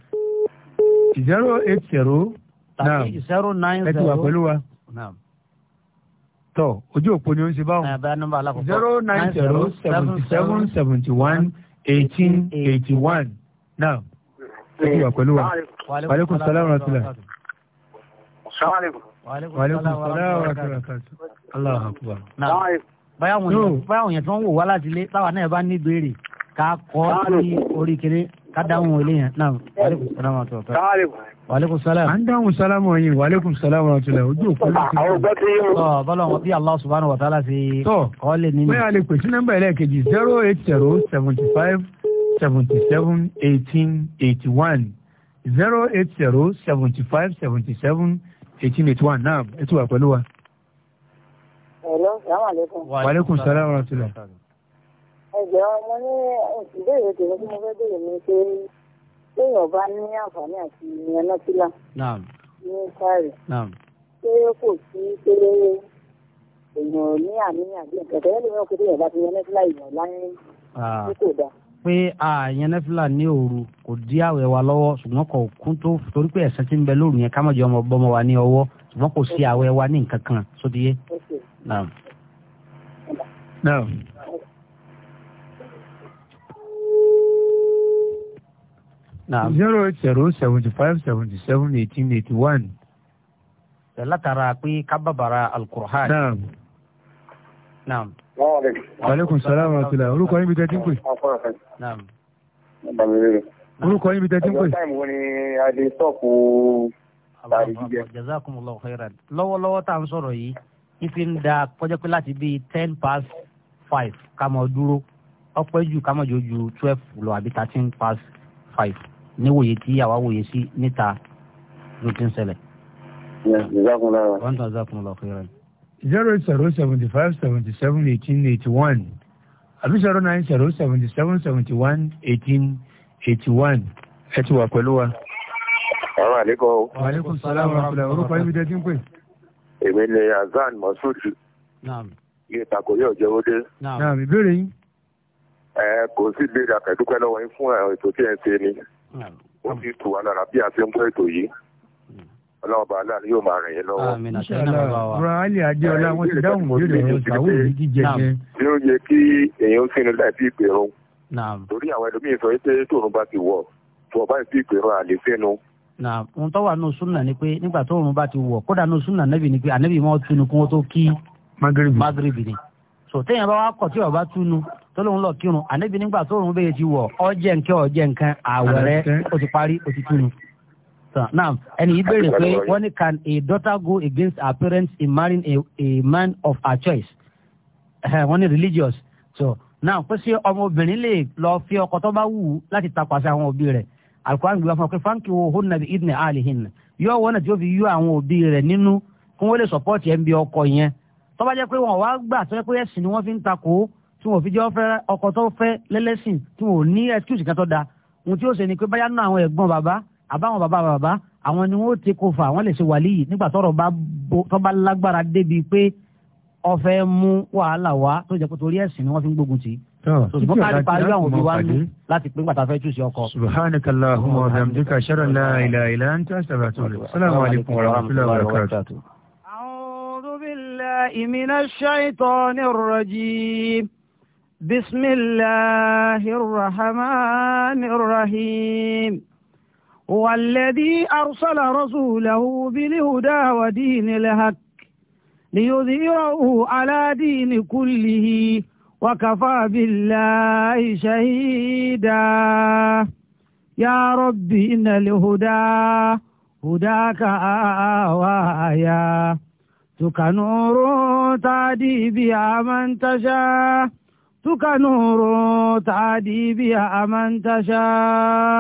[SPEAKER 3] zero eight zero. Naam. Zero nine zero. Ẹ ti wà pẹ̀lú wa. Naam tọ ojú òpó ni ó ń ṣe báwọn. Eh, zero nine zero seventy seven seventy one eighteen eighty one now ẹ ti wà pẹ̀lú wa wàlékún sàlámù rásílà. wàlékún sàlámù rásílà Allahu akbar. báyà wọn
[SPEAKER 1] yẹn tí wọn wò wá láti ilé táwa náà bá ní ìbéèrè ká kọ́ sí orí kéré ká
[SPEAKER 3] dáhùn ilé yẹn náà wàlékùn sálámù àti ọ̀tọ̀. wàlékùn sálámù. à ń dáhùn sálámù ọ̀yìn wàlékùn sálámù àti ọ̀tọ̀ ojú òkú ló ti. àwọn ọgbẹ́ tí yóò. tọ́ bọ́lá wọn bí Allah subhanahu wa ta'ala ṣe. tọ́ kọ́lé nínú. bóyá lè pèsè nọ́mbà ẹlẹ́ẹ̀kejì zero eight zero seventy five seventy seven eighteen eighty one zero eight zero seventy five seventy seven eighteen eighty one náà ẹ ti wà pẹ̀lú wa. ẹ̀rọ sàmàlẹ́kùn. wàlékùn sálámù àti ọ̀tọ̀ ẹgbẹ́ ọmọ ní ìbéèrè tèmi tí mo fẹ́ béèrè ni pé téèyàn bá ní àǹfààní àti ìyànná ní sáré
[SPEAKER 1] pé kò sí pé èèyàn ní àníyàn bí nǹkan tẹ́lẹ̀ lóyún ọkọ̀ téèyàn ti yànná èèyàn láyé ah. tí kò dáa. pé àyànná fílà ní òru kò dí àwẹ̀ wa lọ́wọ́ ṣùgbọ́n kò kún tó torí pé ẹ̀sán ti ń bẹ lóru yẹn ká mọ̀jọ ọmọ bọ́mọ wa ní ọwọ́ ṣùgbọ́n kò sí àwẹ̀ wa ní nǹkan kan sódìyẹ.
[SPEAKER 3] zero eight zero seventy five seventy seven eighteen eighty one.
[SPEAKER 1] látara pé kábàbàrà alukur'an. naam. naam.
[SPEAKER 3] aleykum salaam wa rahmatulah orúkọ yín bí tẹ́tí ń pè. naam. orúkọ yín bí tẹ́tí ń pè. táìmù wo ni adé sọ́ọ̀kù tàbí jíjẹ. jazakumullahu
[SPEAKER 1] khairan lọ́wọ́lọ́wọ́ tá à ń sọ̀rọ̀ yìí ife ń da kọjá pé láti bíi ten past five ká mọ dúró ọpẹ́ jù ká mọ jọ ju twelve lọ àbí thirteen past
[SPEAKER 3] five. Ni níwòye tí àwa wòye sí níta ló ti ń ṣẹlẹ̀. zero eight zero zero seventy five seventy seven eighteen eighty one àbí zero nine zero seventy seven seventy one eighteen eighty one ẹ ti wà pẹ̀lú wa. Àwọn àlékọ́ o. Àwọn àlékún sálámù àkùlẹ̀ orúkọ ibi dẹ́tí ń pè. Èmi ni Azan Masud. Iye tako yóò jẹ́ ódé. Ìbéèrè yín.
[SPEAKER 2] Ẹ kò sí ìbéèrè àkẹ́dúpẹ́ lọ́wọ́ yín fún ètò tí ẹ ń ṣe ni
[SPEAKER 3] ó sì tù wá lára bí a ṣe ń bọ́ ètò yìí ọlọ́ọ̀bà aláàánú yóò máa ràn yín lọ́wọ́. ràálì àjẹọlá wọn ti dáhùn ìbéèrè yẹn sàwọ́ yìí jíjẹ yẹn. bí ó yẹ kí èèyàn ń sinmi láì sí ìpèrún. torí àwọn ẹlòmíín sọ pé tòun bá ti wọ̀ tó ọba ìsí ìpèrún àlè sínú.
[SPEAKER 1] ohun tó wà nù súnà ni pé nígbà tóun bá ti wọ̀ kódà nù súnà nẹ́bì ni pé ànẹ́bì máa tunu kí wọ́n tó kí magrebi ni. So, sòtẹ́yìn bá wà kọ̀ tí bàbá túnu tọ́lọ́hún lọ kírun ànábi nígbà tóorùn bẹ́ẹ̀ ti wọ̀ ọjẹ́ nkẹ́ ọjẹ́ nkan àwẹ̀ rẹ o ti parí o ti túnu. now ẹni yìí béèrè pé wọ́n ní can a daughter go against her parents in marrying a, a man of her choice? wọ́n ní religious. so now pé ṣé ọmọbìnrin lè lọ fi ọkọ tó bá wù ú láti tapàṣẹ àwọn òbí rẹ̀ alukóran gbé wa fún ọ pé fáńkì wo hó you. idna alihin yọ wọn náà tí ó fi yọ àwọn òbí you. nínú kí wọ́n lè sọpọ́ọ̀tì ẹ̀ ń bí ọkọ yẹn tó bá jẹ́ pé wọ́n wá gbà tó jẹ́ pé ẹ̀sìn ni wọ́n fi ń takò ó tí wọ́n fi jẹ́ ọkọ tó fẹ́ lẹ́lẹ́sìn tí wọ́n ò ní excuse kan tó da ohun tí ó ṣe ni pé báyà náà àwọn ẹ̀gbọ́n bàbá àbáwọn bàbá bàbá àwọn ni wọ́n ti kó fa àwọn lè ṣe wàlíyì nígbà tọ́rọ̀ bá lágbára débi pé ọfẹ mú wàhálà wá tó jẹ pé torí ẹsìn ni wọn fi ń gbógun بالله من الشيطان الرجيم بسم الله الرحمن الرحيم هو الذي أرسل رسوله بالهدى ودين الهك ليظهره على دين كله وكفى بالله شهيدا يا رب إن الهدى هداك آوايا تك نور تعدي بها من تشاء تك نور تعدي بها من تشاء